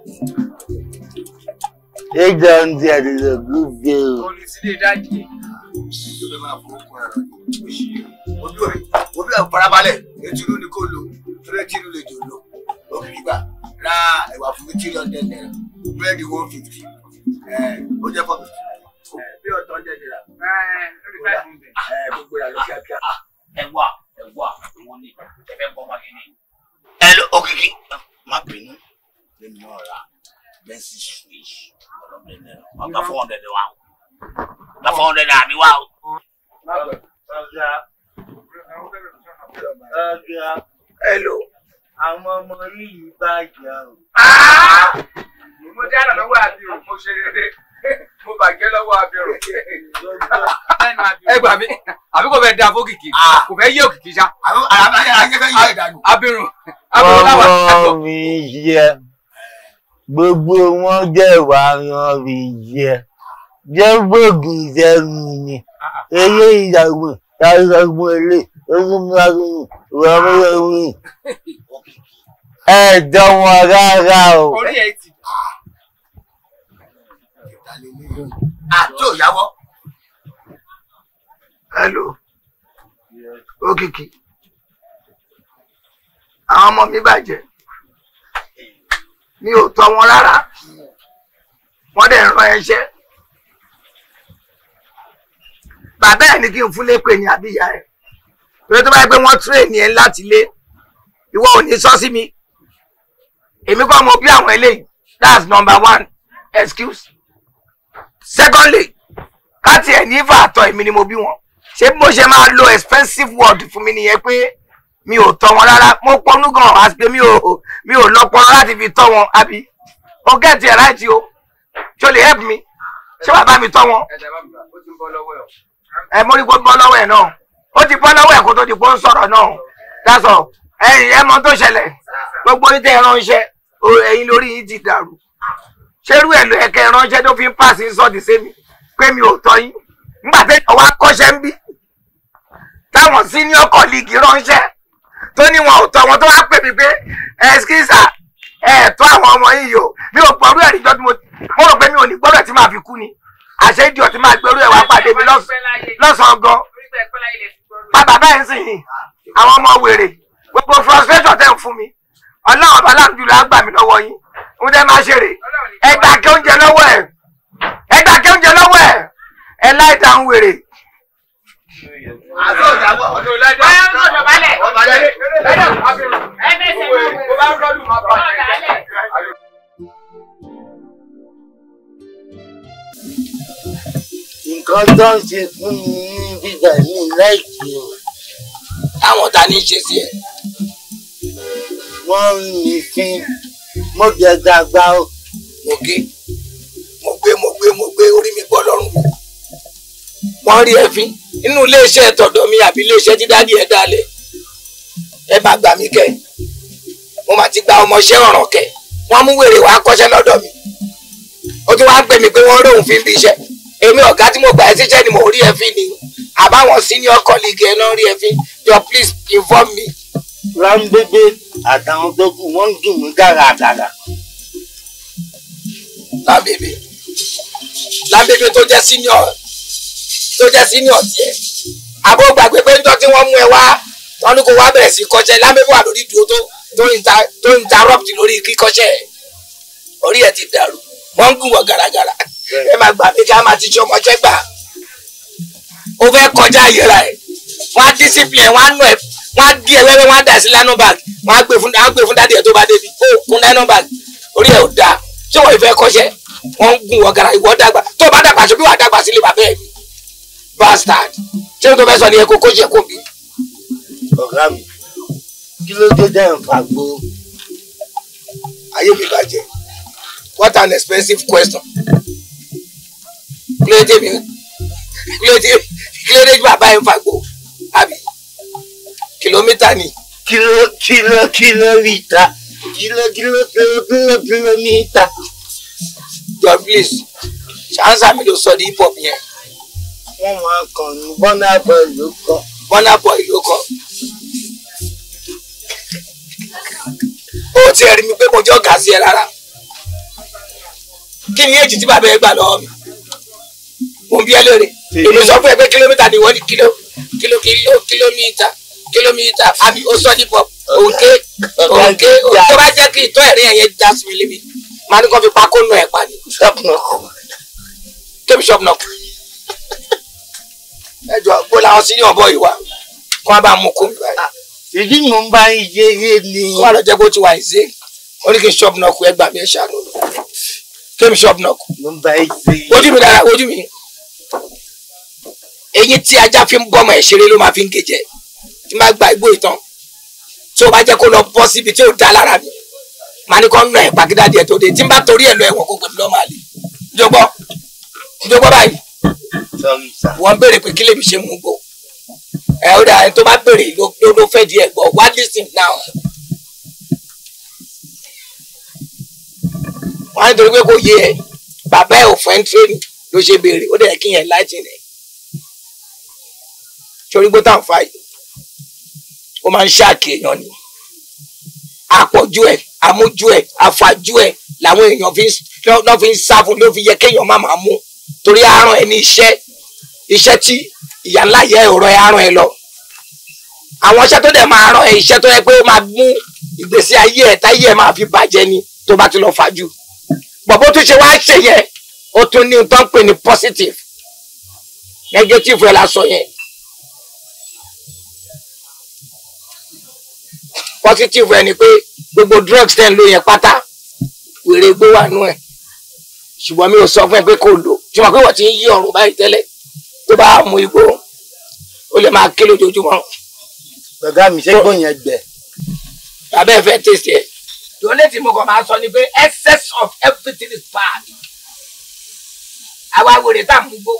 Take down there, there's a good view. Only see the daddy. Ṣé máa burúkú rẹ̀ òṣìṣẹ́? Ojú ẹ̀ ojú ẹ̀ farabalẹ̀ ètùnú ni kò lò tírẹ́tìrì lè jò lò. Obìnrin gbà ra ẹ̀wà fún mi three hundred naira búrẹ́dì one fifty ó jẹ́ four bí ọ̀tọ̀ jẹ́ jẹ́ra gbogbo ìyàlọ kíákíá. ẹ wà ẹ wà wọn ni ẹ fẹ́ bọ́ wáyé ni. ẹ lọ òkìkí má bínú lèmi náà ra bẹ́ńsì switch ọlọ́dẹ náírà wọ́n gba four hundred wa o gba four hundred náírà mi o. ẹ àwọn ọmọ yìí bá jà o. mo dára lọ́wọ́ àti òun ṣe rere mo bàjẹ́ lọ́wọ́ abirùn. *laughs* ẹ gbà mí àbí kò fẹ́ da fókìkì ah. kò fẹ́ yé òkìkì ṣá. abirùn abirùn láwà. ọmọ mi yẹ gbogbo wọn jẹ wà yan mi yẹ jẹ gbòògùn ìjẹun ni eré ìyàwó ìyàwó ilé olùmọ̀ràn ìwà ọmọ ìwà *laughs* ẹ jọ wọn rárá o. orí ẹ àti ah, òyàwó. hello òkìkí àwọn ọmọ mi bàjẹ́ mi ò tọ́ wọn rárá wọ́n dẹ̀ ń rán ẹṣẹ́ bàbá ẹ̀ ní kí n fún lépè ní àbí ìyá ẹ̀ torí tó bá yẹ pé wọ́n tírèèni ẹ̀ láti lé ìwọ ò ní sọ sí mi èmi kọ́ mo bí àwọn eléyìí that's number one excuse secondly káti ẹ̀ ní ìfà àtọ̀ èmi ni mo bí wọn ṣé mo ṣe máa lo expensive word fún mi nìyẹn pé mi ò tọ́ wọn rárá mo pọnú gan àti pé mi ò mi ò lọ́pọlọ láti fi tọ́ wọn àbí o gẹ́ẹ̀tì ẹ̀ láti o tí o lè help me. ṣé wàá bá mi tọ́ wọn. ẹ mo ní kó bọ́ lọ́wọ́ ẹ̀ náà ó ti bọ́ lọ́wọ́ ẹ̀ kó tó di pé ń sọ̀rọ̀ náà that's all ẹ̀yin ẹ mọ tó ṣẹlẹ̀ gbogbo ní tẹ́ ẹ ránṣẹ́ ẹ̀yin lórí yín ti dàrú ṣerú ẹ̀ ló ẹ̀kẹ́ ránṣẹ́ tó fi ń pàṣẹ sọ́ọ̀dì sẹ́mi pé mi ò tọ́ yín nígbà tẹ́yìn wá kọ́ṣẹ́ ń bí táwọn senior colleague ránṣẹ́ tó ní wọn ò tọ́ wọn tó wá pè mí pé ẹ̀skísà ẹ̀ẹ̀tọ́ àwọn ọmọ yìí yìí o mi ò gbọ́rú ẹ̀ níjọ́ tí mo mo rò pé mi ò ní gbọ́rú ẹ̀ tí màá fi kú ni àṣẹ ìdí ọ̀tí máa gbẹrú ẹ̀ wá pàdé mi lọ́sàn-án gan pa bàbá ẹ̀ ń sìn yìí àwọn ọmọ wèrè gbogbo frustration tẹ̀ ń fún mi ọlọ́run ọba láàmú jùlọ á gbà mí lọ́wọ́ yín ń dẹ́ máa ṣeré ẹ gbà kí oúnjẹ lọ́wọ́ ẹ gbà kí oúnjẹ lọ́wọ́ ẹ̀ ẹ láì ta ń wèrè. nǹkan tó ń ṣe fún mi ní bíbá mi láìpẹ́ o. táwọn ta ní ṣe sí ẹ. wọ́n ń mi fín mo jẹ gbàgbà o. mo gé mo gbé mo gbé mo gbé orí mi bọ́ lọ́rùn wò wọ́n rí ẹ̀fín inú iléeṣẹ́ tọ̀dọ̀ mi àbí iléeṣẹ́ tí dáàdi ẹ̀ dalẹ̀ ẹ bá gbà mí kẹ́ mo máa ti gba ọmọọṣẹ́ ọ̀ràn kẹ́ wọ́n mú wèrè wá kọ́ṣẹ́ lọ́dọ̀ mi ó tún wá ń pè pé wọ́n róhùn fi ń bí iṣẹ́ èmi ọ̀gá tí mo gbà ẹ́ síṣẹ́ ni mo rí ẹ̀fín ni àbáwọn senior colleague ẹ̀ náà rí ẹ̀fín your please inform me. rambebe àtàwọn tó kù wọ́n ń dùn mí gàràgàrà. lábébé lábébé tó jẹ́ senior tó jẹ́ senior tiẹ̀ àbó gbàgbé pé níjọ́ tí wọ́n mú ẹ wá wọ́n ní kó wá bẹ̀rẹ̀ sí kọ́ṣẹ́ lábébé wà lórí ìdúró tó tó inter tó interrupt lórí kíkọ́ṣẹ́ orí ẹ̀ ti dàrú wọ́n ń gùn wọ́n gàràgàrà ẹ máa gbà pé ká máa ti ṣe ọmọ ṣẹ́gbà ó fẹ́ kọjá ìyẹ́ra ẹ̀ wọ́n á discipline wọ́n á nù ẹ̀ wọ́n á di ẹ̀ wẹ́wẹ́ wọ́n á dà sí lánàá bag wọ́n á gbé fún wọ́n á gbé fún dáadé ẹ̀ tó bá débi ó kún lánàá bag orí ẹ̀ ò da ṣé wọ́n ìfẹ́ kọ́ṣẹ́ wọ́n ń gun ọ̀gara ìwọ dàgbà tó bá dàgbà ṣe bí wàá dàgbà sílé bàbá ẹ̀ bastard ṣé o tó fẹ́ sọ ni ẹ kó kóṣe kó mi. ọ̀gá mi kí ló dé dẹ́n fàgbó ayé mi bàjẹ́ what an expensive question kílódé mi kílódé kílódé bàbá ẹ̀ fàgbó àbí kìlómítà ni. kìló kìló kìlómítà kìló kìló kìló kìló kìlómítà. your please answer me to sọ di hip hop yẹn. wọ́n máa kàn ní bọ́nà bọ́ọ̀ ló kọ́. bọ́nà bọ́ọ̀ ló kọ́. ó ti ẹ̀rí mi pé mo jọ́ gà sí ẹ rárá kí ni èjì tí bàbá ẹ gbà lọ́wọ́ mi mo ń bí ẹ lóore èmi sọ fún ẹ pé kìlómítà ni wọ́n ní kìlómítà kìló kìló kìlómítà kìlómítà àbí o sọ ní pop òkè òkè tó bá jẹ́ kí ìtọ́ ẹ̀rín ẹ̀yẹ já sí mi lébi màá ní kó fi pa kó nù ẹ̀ pa ni. kébì ṣọ́ọ̀bù náà kù. ẹ jọ bó làwọn sí ní ọ̀bọ ìwà kó wọn bá mú kó mi báyìí. Ah. ìdí mò ń bá iye yé ni. kó wọn lọ jẹ kó ti wà ìṣe ó ní kí n ṣọ́ọ̀bù náà kù ẹ gbà mí ẹ ṣàánú kébì ṣọ́ọ̀bù náà kù. mo ń bá iye ojú mi dára ojú mi eyín tí ajá fi ń bọ́mọ ìṣeré ló máa fi ń gé jẹ tí máa gba igbó ìtàn tó bá jẹ́ kó lọ bọ́ síbi tí ó da lára mi màá ní kó ń nà ẹ̀ pàkídádì ẹ̀ tó dé tí n bá torí ẹ̀ lọ ẹ̀wọ̀n kó pẹ̀lú ọmọ àlè ìjọgbọ́ ìjọgbọ́ báyìí wọ́n béèrè pé kí lèmi ṣe mú gbó ẹ ó dà tó bá béèrè ló fẹ́ di ẹ̀ gbọ́ wá listen now. wọ́n á nítorí pé kò yé ẹ bàbá ẹ̀ ò fẹ́ ń tírénì ló ṣe béèrè ó dẹ̀ kí yẹn láìtì rẹ̀ sórí gbó tá à ń fa yìí ó máa ń ṣáàkì èèyàn ni àpọ̀jù ẹ̀ àmójú ẹ̀ àfàjù ẹ̀ làwọn èèyàn fi lọ́ fi ń sá fún ló fi yẹ kéèyàn má máa mú torí àárọ̀ ẹ ní iṣẹ́ iṣẹ́ tí ìyá ńlá yẹ ọ̀rọ̀ ẹ àárọ̀ ẹ lọ àwọn iṣẹ́ tó dẹ̀ máa rán ẹ iṣẹ́ tó yẹ pé ó máa mú ìgbésí ayé ẹ táyé ẹ máa fi bàjẹ́ ni tó bá ti lọ fàájú bọ̀bọ̀ tó ṣe wáá ṣe yẹ ó tún ní tó ń pè ní positive negative ẹ la sọ yẹn positive ẹni pé gbogbo drugs ten ló yẹn pátá wèrè gbó wà nú ẹ ṣùgbọ́n mi ò sọ fún ẹ pé kò lò ṣùgbọ́n pé wọ́n ti ń yí ọ̀rọ̀ báyìí tẹ́lẹ̀ tó bá mú igbó ó lè máa ké lójoojúmọ́. gbọ̀ngàn mi ṣé gbọ̀n yẹn gbẹ. bàbá ẹ fẹ́ tèsí ẹ. ìdólé tí mo kàn máa sọ ni pé excess of everything is bad. àwa wèrè tá à mú igbó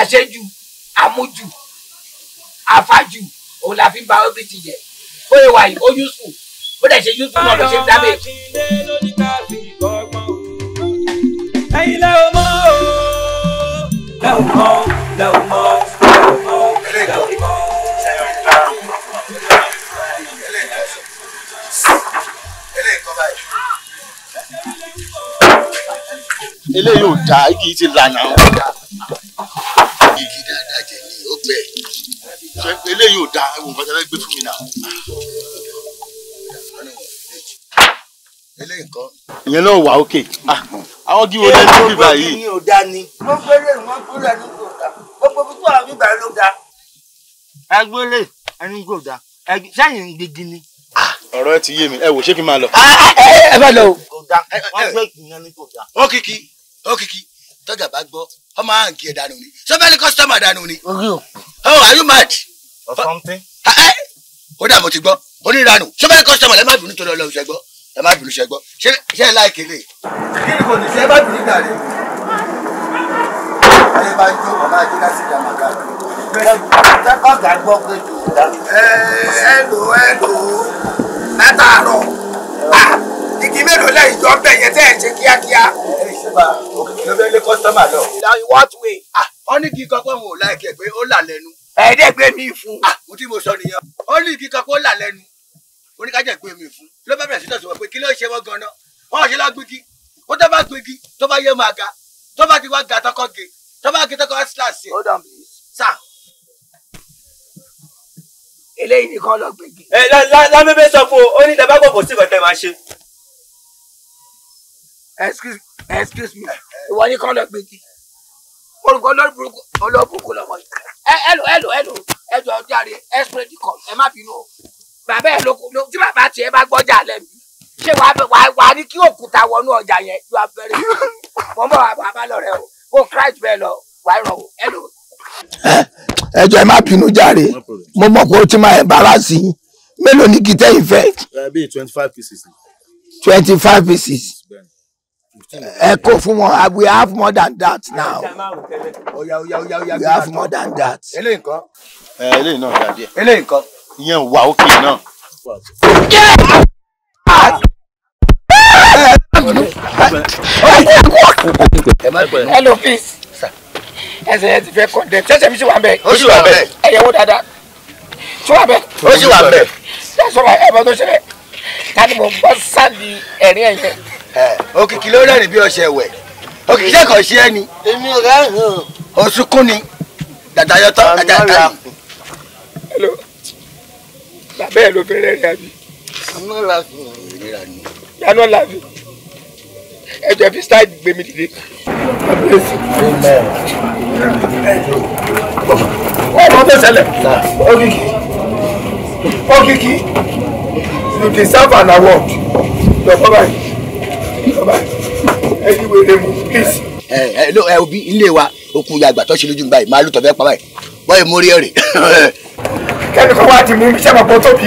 àṣejù àmújù àfájù òun la fi ń ba everything jẹ bó ṣe wà yìí ó useful bó dẹ̀ ṣe useful náà ló ṣe dábẹ́. ẹ̀yin lẹ ò mọ o lẹ ò mọ lẹ ò mọ lẹ ò mọ. eléyìí ò dáa igi ti lànà ó dáa igi dáadáa jẹ ní ọgbẹ eléyìí ò dáa ẹwọn bàtà lẹgbẹ fún mi náà. ìyẹn náà wà ókè ah, àwọn gí wo lẹ́nu bí báyìí. èyí ò dá ni gbogbo eré wọn gbúdọ̀ ní kò dá gbogbo púpọ̀ àwọn ìgbà ló dá. agbélé ẹni kò dá sẹ́yìn ń gbégi ni. Ah, ọ̀rọ̀ ẹ ti yé mi ẹ wò ṣé kí n máa lọ. Ah, eh, eh, eh, ẹ bá lọ o. kò dá wọn gbé ìyẹn ní kò dá. ó kìkì ó kìkì tọ́jà bá gbọ́ ọmọ àǹkì ẹ̀ dànù ni sọ́fẹ́lì kọ́sítọ́mà dànù ni. orí o. oh are you mad. or something. ó dà mo ti gbọ́ onírànù sọ́fẹ́lì kọ́sítọ́mà lẹ́ẹ̀ má bínú torí ọlọ́run ṣẹ́gbọ́ ẹ má bínú ṣe gbọ́ ṣé ṣé ẹ láì kéde kí ni kò ní ṣe ẹ má bínú gbà rẹ ẹ bá jó ọmọ ajé láti ìjà màkà ọgá gbọ́ pé jù ú dá. ẹ ẹ lò ẹ lò ó látàárọ̀ igi mélòó lẹ́yìn jọ bẹ̀ yẹn tẹ́ ẹ̀ ṣe kíákíá. ẹ ṣe bá òkè ló lé kọ́sítọ́mà lọ. in what way? wọ́n ní kí n kọ́ pé òun ò láìkẹ́ pé ó là lẹ́nu. ẹ̀ẹ́dẹ́gbẹ́ mi fún. mo tí mo sọ nìyẹn. ó ní kí n ó là lẹ́nu oníkájà gbé mi fún ló bá bẹ̀rẹ̀ sí tọ̀sọ̀ pé kí ló ṣe wọ́n gan-an wọ́n ṣe lágbégi ó tó bá gbégi tó bá yé máa ga tó bá ti wá ga tọkọ ge tó bá ge tọkọ síláàsì. hold on please. sir. eléyìí nìkan lọ gbégi. ẹ lábẹ́bẹ́ sọ fún o ó ní ìdábà gbọ̀ngàn sí ìkọ̀tẹ́ máa ṣe. excuse excuse me ìwọ ni kàn lọ gbégi orúkọ olóòbùrúkú olóòbùrúkú lọmọ yìí. ẹ ẹ lò ẹ lò ẹ lò ẹ jọ ọjà rẹ ẹ sọ ẹ dìkọ ẹ má bínú o bàbá ẹ ló tí bàbá tiẹ̀ bá gbọ́jà lẹ́nu ṣé wàá ní kí òkúta wọnú ọjà yẹn ju abẹ́rẹ́ mọ́ mọ́ bàbá lọ rẹ o kó christ bẹ́ẹ̀ lọ wàá ràn o ẹ lò. ẹ ẹ má bínú jàre mo mọ̀ pé ó ti máa embarrass yín mélòó ni kí tẹ́yìn bí twenty five pieces. twenty five pieces ẹ kó fún wọn uh, we have more than that now we have more than that. eléyìí nǹkan. eléyìí náà dáadé. eléyìí nǹkan ìyẹn wà òkè náà. hello please ẹsẹ̀ yẹn ti fẹ́ kọ́ dẹ̀ tẹ́sẹ̀ mi sì wà ń bẹ̀. ó sì wà ń bẹ̀. ẹ̀yẹ̀ wo dáadáa tí wà ń bẹ̀. ó sì wà ń bẹ̀. sọ wa ẹ̀bọ tó ṣẹlẹ̀ ta ni mo bọ́ sáàdì ẹ̀rín ẹ̀yẹ. òkìkí ló rẹ́rìn bí ọṣẹ wẹ̀ òkìkí sẹ́kọ̀ ṣe é ni. èmi ò rẹ́rìn o. oṣù kún ni dàdayọtọ dàdayọtọ. hello bàbá ẹ ló fẹ́ rẹ́rìn àbí. àmọ́ láàfin ìrora ni. yánà láàfin ẹjọ fi sáà gbé mi dìde. ọmọ tó ṣẹlẹ̀ Okiki Okiki you deserve an award lọ bọ́bá yìí bọ́bá ẹni wèrè mu please. ẹ ẹ ló ẹ òbí ilé wa okùn yàgbà tó ṣe lójú báyìí màálù tó fẹ́ pa báyìí bọ́ọ̀ mórí ẹ̀rì. *laughs* kẹ́ni kan wá ti mú iṣẹ́ máa bọ́ tóbi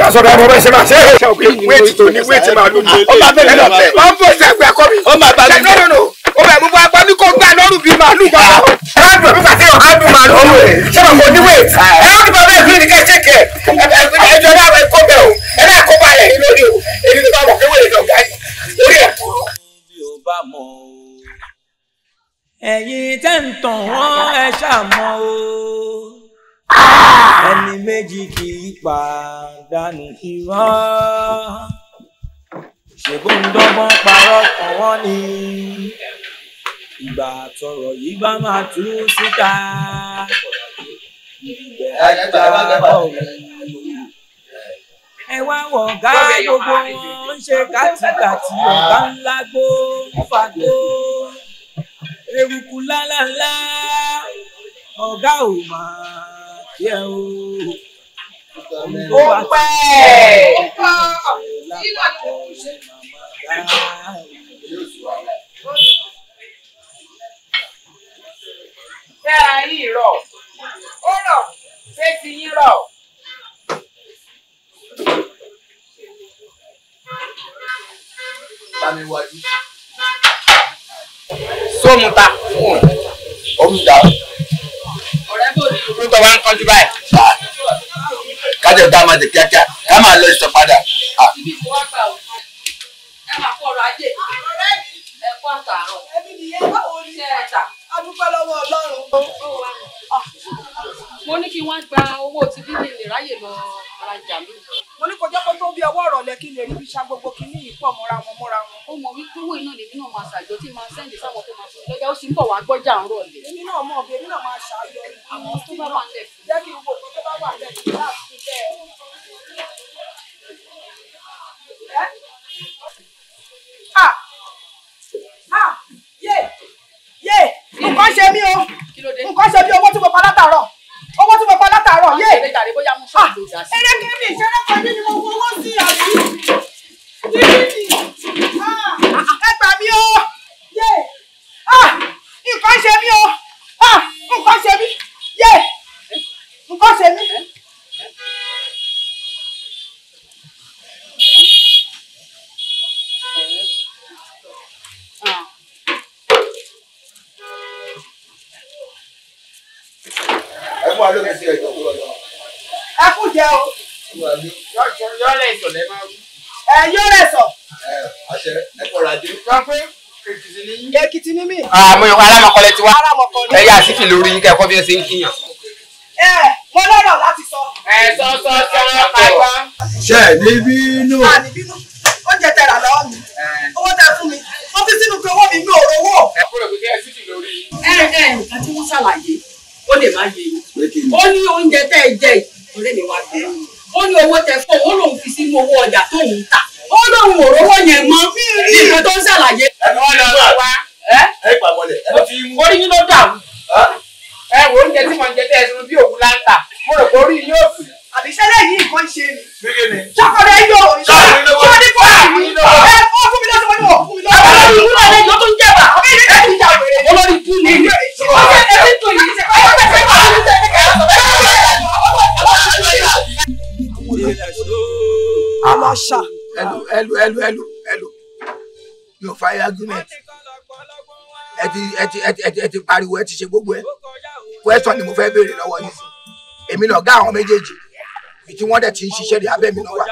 yàtọ̀ bẹ́ẹ̀ mo bẹ́ẹ̀ ṣe máa ṣe é wéètì tó ní wéètì máa lò ní ilé ọba bẹ́ẹ̀ lọ bẹ́ẹ̀ wọ́n bọ̀ sí ẹgbẹ́ ẹ̀kọ́ mi ṣẹ́ni nínú o bẹ̀ gbogbo agbá mi kò gbà lọ́rù bíi màálù bá ládùn mi pàṣẹ ọ̀kadùn màálù ṣé mo kò ní wéètì ẹ wọ́n ti bá bẹ́ẹ̀ fi nìkẹ́ ṣe kẹ̀ ẹjọ́ náà kó bẹ̀ o ẹ náà kó balẹ̀ yín lórí o èyí ti bá mọ̀ pé wéètì yìí lórí ẹ̀ kú. ẹ̀yin tẹ́ ń tàn wọ́n ẹ ṣàmọ́ o ẹni méjì kì í pàdánù ìran ṣègbó ń dọ́gbọ́n parọ́ kan wọ́n ni ìgbà àtọ̀rọ̀ yìí bá máa tú síta ìgbẹ́ ajá ọ̀rọ̀ ẹ wá wọ̀ ọ̀gá gbogbo ń ṣe kátìkàtì ọ̀gá ńlá gbó fagbó eruku lálá ọ̀gá ò máa yẹ o. ó pẹ́ tẹ́ra yìí rọ̀ ó rọ̀ ṣé ti yín rọ̀. Bámi wájú. Sóòmù kú tó wá ń kọjú báyìí. kájọ tá a máa jẹ kíákíá ká máa lọ ìsọ padà. ẹ máa kọ ọrọ̀ ajé ẹ kọ àtàrọ ṣe é ta. a dúpẹ́ lọ́wọ́ ọlọ́run. mo ní kí wọ́n gba owó tí bíbí lè ráyè lọ ara jà mí. mo ní kò jẹ́ kó tó bí ọwọ́ ọ̀rọ̀lẹ́ kí lè rí bí ṣá gbogbo kinní yìí pọ̀ mọ́ra wọn mọ́ra wọn. ó mọ wípé owó iná lèmi náà máa ṣàjọ tí máa sẹ́ǹdì sáwọn tó máa fún mi lọ́jà ó sì ń bọ̀ wá gbọ́jà ń rọ̀lẹ́. èmi náà mọ̀ bí èmi náà máa ti wá ẹ̀yà àsìkì lórí yín kẹ́kọ̀ọ́ bí ẹ ṣe ń kíyàn. ẹ mo lọ́rọ̀ láti sọ. ẹ sọ sọ sọ àgbà. ṣe níbí hello hello hello hello your fire argument ẹ ti ẹ ti ẹ ti ẹ ti ẹ ti pariwo ẹ ti ṣe gbogbo ẹ question ni mo fẹ́ béèrè lọ́wọ́ yìí sí èmi lọ̀gá àwọn méjèèjì tí wọ́n dẹ̀ ti ń ṣiṣẹ́ ní abẹ́ mi lọ́wọ́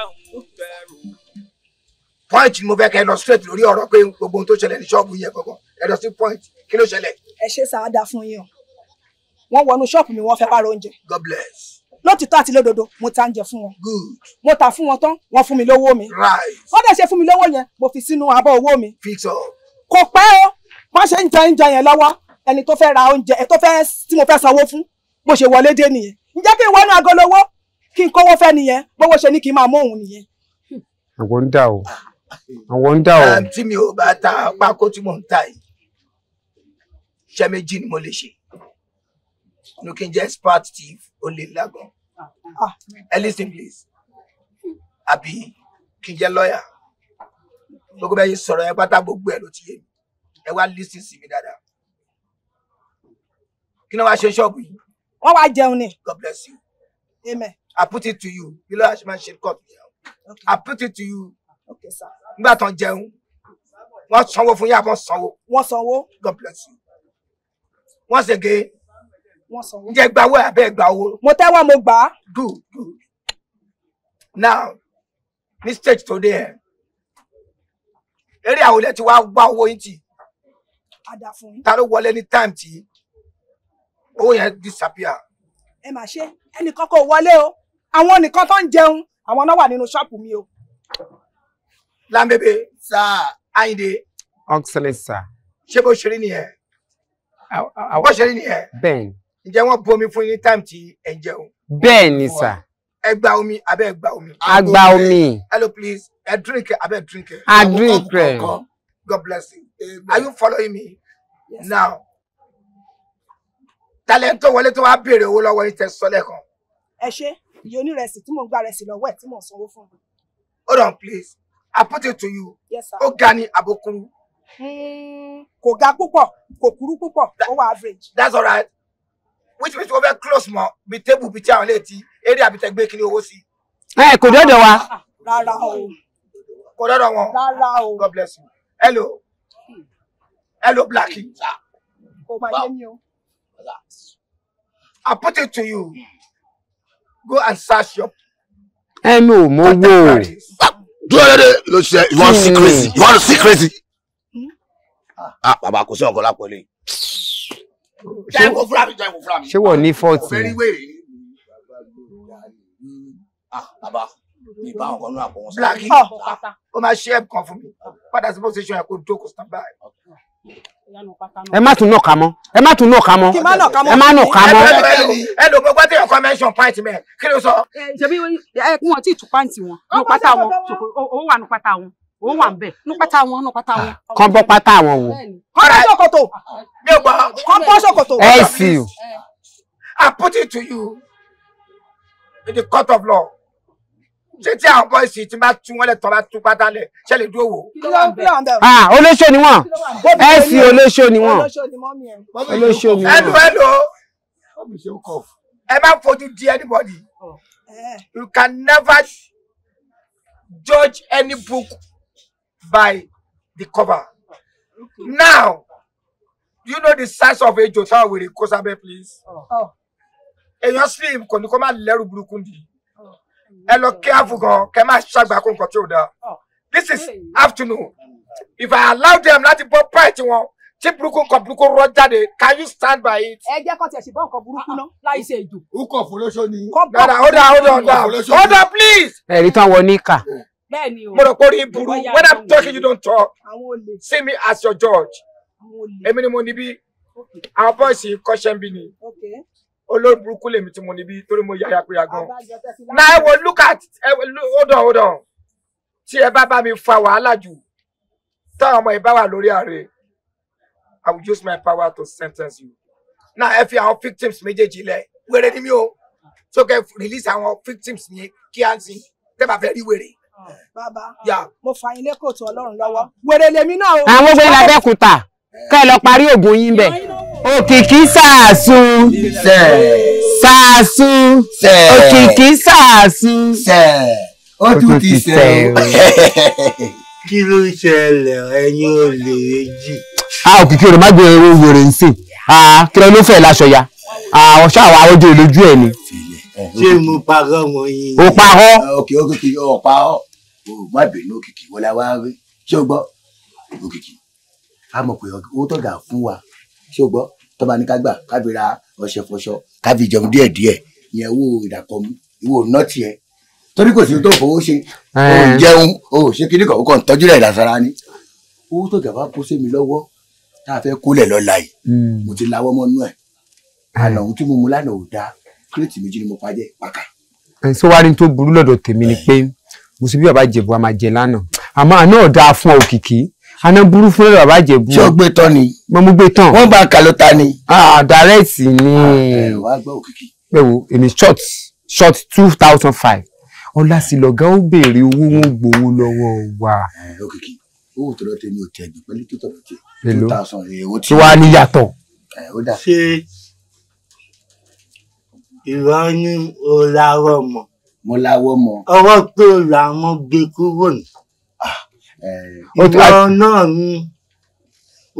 point ni mo fẹ́ kẹ́ ẹ lọ straight lórí ọ̀rọ̀ pé gbogbo ohun tó ṣẹlẹ̀ ní ṣọ́ọ̀bù yẹn gbogbo ẹ lọ sí point kí ló ṣẹlẹ̀. ẹ ṣe sáádà fún yín o wọn wọnú ṣọ́ọ̀bù mi wọn fẹ́ pààrọ̀ oúnjẹ. God bless lótìtọ́ àti lódodo mo ta ń jẹ fún wọn mo ta fún wọn tán wọ́n fún mi lówó mi wọ́n dẹ̀ ṣe fún mi lówó yẹn mo fi sínú abọ́ owó mi kò pẹ́ o wọ́n ṣe ń jẹ oúnjẹ yẹn lọ́wọ́ ẹni tó fẹ́ ra oúnjẹ ẹ tó fẹ́ tí mo fẹ́ sanwó fún bó ṣe wọlé dé nìyẹn ǹjẹ́ kí n wọnú agolowó kí n kówó fẹ́ nìyẹn bówó ṣe ní kí n máa mú òun nìyẹn. àwọ̀ ń dà o àwọ̀ ń dà o. tí mi ò bá ta pákó tí mò ń ta yìí iṣẹ́ méjì ni mo lè ṣe nu kí n jẹ́ expert only ó Ah, ah. Eh, lágan ẹ́lísì please àbí kí n jẹ́ lọ́ọ̀yà gbogbo bẹ́ẹ̀ yìí sọ̀rọ̀ ẹ pátá gbogbo ẹ̀ ló ti yé mi ẹ wá lísì sí mi dáadáa kí ni wàá ṣe ṣọ́ọ̀bù yìí. wọ́n wá jẹun ni. God bless you. amen. I put it to you kí ló wàá ṣe máa ṣe I put it to you. okay sir. nígbà tán jẹun wọ́n sanwó fún yín àbọ̀ sanwó. wọ́n sanwó. God bless you. once again wọ́n sanwó. ǹjẹ́ gbawó abẹ́ gbawó. mo tẹ́wọ́ mo gbà á. good good now ní stage tó dé ẹ̀ eré àwòlẹ́ ti wá wá owó yín tì. àdà fún yín. ta ló wọlé ní time tí owó yẹn disappear. ẹ mà ṣe ẹnìkan kò wọlé o àwọn nìkan tó ń jẹun àwọn náà wà nínú ṣọ́ọ̀pù mi o. lambebe sa Ayinde. ọ̀sẹ̀lẹ̀ sà. ṣé bó ṣe rí nìyẹn àwọn ṣe rí nìyẹn. bẹ́ẹ̀ni ǹjẹ́ wọ́n bomi fún yín táìmù tí ẹ̀ ń jẹun. bẹ́ẹ̀ ni sà. ẹ gba omi abẹ́ ẹ gba omi. a gba omi. hello please ẹ drink ẹ abẹ́ drink a drink rẹ. God bless you. Are you following me? Yes. Now talento wọlé tó wá béèrè owó lọ́wọ́ yín tẹ sọ lẹ́kan. ẹ ṣe iye onírẹsì tí mò ń gba rẹsì lọ́wọ́ ẹ̀ tí mò ń sanwó fún mi. hold on please I put it to you. yes sir. ó ga ní àbókùrú. Hmm. kò ga púpọ̀ kò kúrú púpọ̀ ó wà average. that's alright which means we fẹ́ close mọ́ bíi table bíi tí àwọn Area eré àbítẹ́ gbé kíní owó sí. ẹ kò dọ́dọ̀ wa. rárá o. kò dọ́dọ̀ wọn. rárá o. God bless you. hello hello Blackie. kò máa yé mi I put it to you go and search your. ẹnu ò mọ owó. Ah, dúró lédè ló ṣe you wan see crazy you wan see crazy. ah bàbá kò sí ọkọ lápò eléyìí jẹ́ kó fúra mi jẹ́ kó fúra mi. ṣé wọ́n ní fọ́ọ̀tì. ọ̀fẹ́ rí wèrè ni. Ah, bàbá mi bá ọkọ náà pọ̀ wọ́n sọ. blaki ah, ó máa ṣe ẹ̀kan fún mi padà sí position ẹ̀ kó jókòó stand by. ẹ má tún náà kà mọ́ ẹ má tún náà kà mọ́ ẹ má náà kà mọ́. ẹ lò gbogbo tí ọkọ mention point mi kí ló sọ. Eh, ṣebí ẹ kún eh, wọn tí ì tú pàǹtì wọn ní wọn ó wà ní wọn ó wà nbẹ nú pátá wọn nú pátá wọn. Ah, kán bọ́ pátá àwọn wo. kán bọ́ ṣòkòtò kán bọ́ ẹ sì o. I put it to you in the court of law ṣé tí àwọn bọ́ ìsìn tí bá tún wọ́n lẹ̀ tọ́ bá tún pátá lẹ̀ ṣe lè dúró wò. Ah, olóṣó ni wọ́n ẹ sì olóṣó ni wọ́n olóṣó ni wọ́n. ẹnu ẹnu ẹ má fojú di anybody you can never judge any book by the cover. Okay. Now, do you know the size of a jota with a kosabe, please? Oh. Èèyàn slim kò ní kó má lẹ́rù burúkú di. Oh. Ẹ lọ careful gan, kẹ́ má ṣàgbà kó nǹkan oh. This is afternoon. If I allow them láti bọ́ pie tiwọn, tí burúkú nǹkan burúkú rọ jáde, can you stand by it? Ẹ jẹ́ kó tiẹ̀ sì bọ́ nǹkan burúkú náà láì ṣe ìjò. Ó kàn fún lóṣó ni. Dada hold on hold on hold on hold on please. Ẹ̀rí tán wọ ní mo rò pé orí burú when i'm talking you don't talk see me as your judge èmi ni mo níbí àwọn bọ́ọ̀sì kọ́ṣẹ́ ń bí ni olórí burúkú lèmi tí mo níbí torí mo yáya péya gan na ẹ wo look at ẹ eh, wo hold on hold on tí ẹ bá bá mi fa wàhálà jù táwọn ọmọ ẹ bá wà lórí ààrẹ i will use my power to sentence you na ẹ fi àwọn victims méjèèjì lẹ wèrè ni mí o so kẹ release àwọn victims yẹn kí á sìn tẹ́ bá fẹ́ rí wèrè bàbá mo fà yín lẹ́kọ̀ọ́ tó ọlọ́run lọ́wọ́ wèrè lèmi náà o. àwọn gbé labẹ́kúta kẹ́ ẹ lọ parí oògùn yín bẹ̀ òkìkí sàásùn sàásùn òkìkí sàásùn ó tún ti sẹ́ o *laughs* kí ló ń ṣẹlẹ̀ ẹ̀yin ò lè jì. a òkìkí rẹ̀ má gbé ẹrú wèrè ń sìn kí ló fẹ́ láṣọ ya àwọn ṣáà wà ojú ìlójú ẹ̀ ni. ṣé mo parọ́ wọ̀nyí. o parọ́. òkè òkè òkè ọ̀parọ́ má bínú òkìkí wọn la wá rí ṣé o gbọ́ òkìkí a mọ̀ pé owó tọ̀gà fún wa ṣé o gbọ́ tọ́ba ní ká gbà ká fi ra ọṣẹ fọṣọ ká fi jẹun díẹ̀ díẹ̀ ìyẹn owó ìdàkọ̀mú ìwọ nọ́ọ̀tì ẹ̀ torí kò sí tó fowó ṣe o jẹun o ṣe kí ni kò kàn tọ́jú rẹ̀ lásara ni owó tọ̀gà bá kó sí mi lọ́wọ́ tá a fẹ́ kólẹ̀ lọ́la yìí hmm. mo ti lawọ́ mọ́nú ẹ̀ àná ohun tí mo mu lánàá ò dáa kírètì méjì ni mo pa jẹ́ pàkà. ẹ̀ sọ́wárí tó burú lọ́dọ̀ tèmi ni pé mo sì bí bàbá ìjẹ̀bú a máa jẹ lánàá àmọ́ àná ọ̀dà fún òkìkí aná burú fún bàbá ìjẹ̀bú. ṣé o gbé tán ni. mo mú gbé tán. wọ́n gba kàlóta ni. ni. ẹ wàá gbọ́ òkìkí. èmi short short two thousand five ọlásìlọ́gá ó béèrè owó wọn gbowó lọ́wọ́ wa. òkìkí owó tó lọ tẹ ní òtí ẹgbẹ pẹ̀lú tó tọrọ jẹ two thousand èèwọ tí. wàá níyàtọ̀. ṣé ìrọ̀ ni o láwọ̀ mo láwọ́ mọ. ọwọ́ pé làwọn gbé kúrò ní. Ah, ìwọ náà ni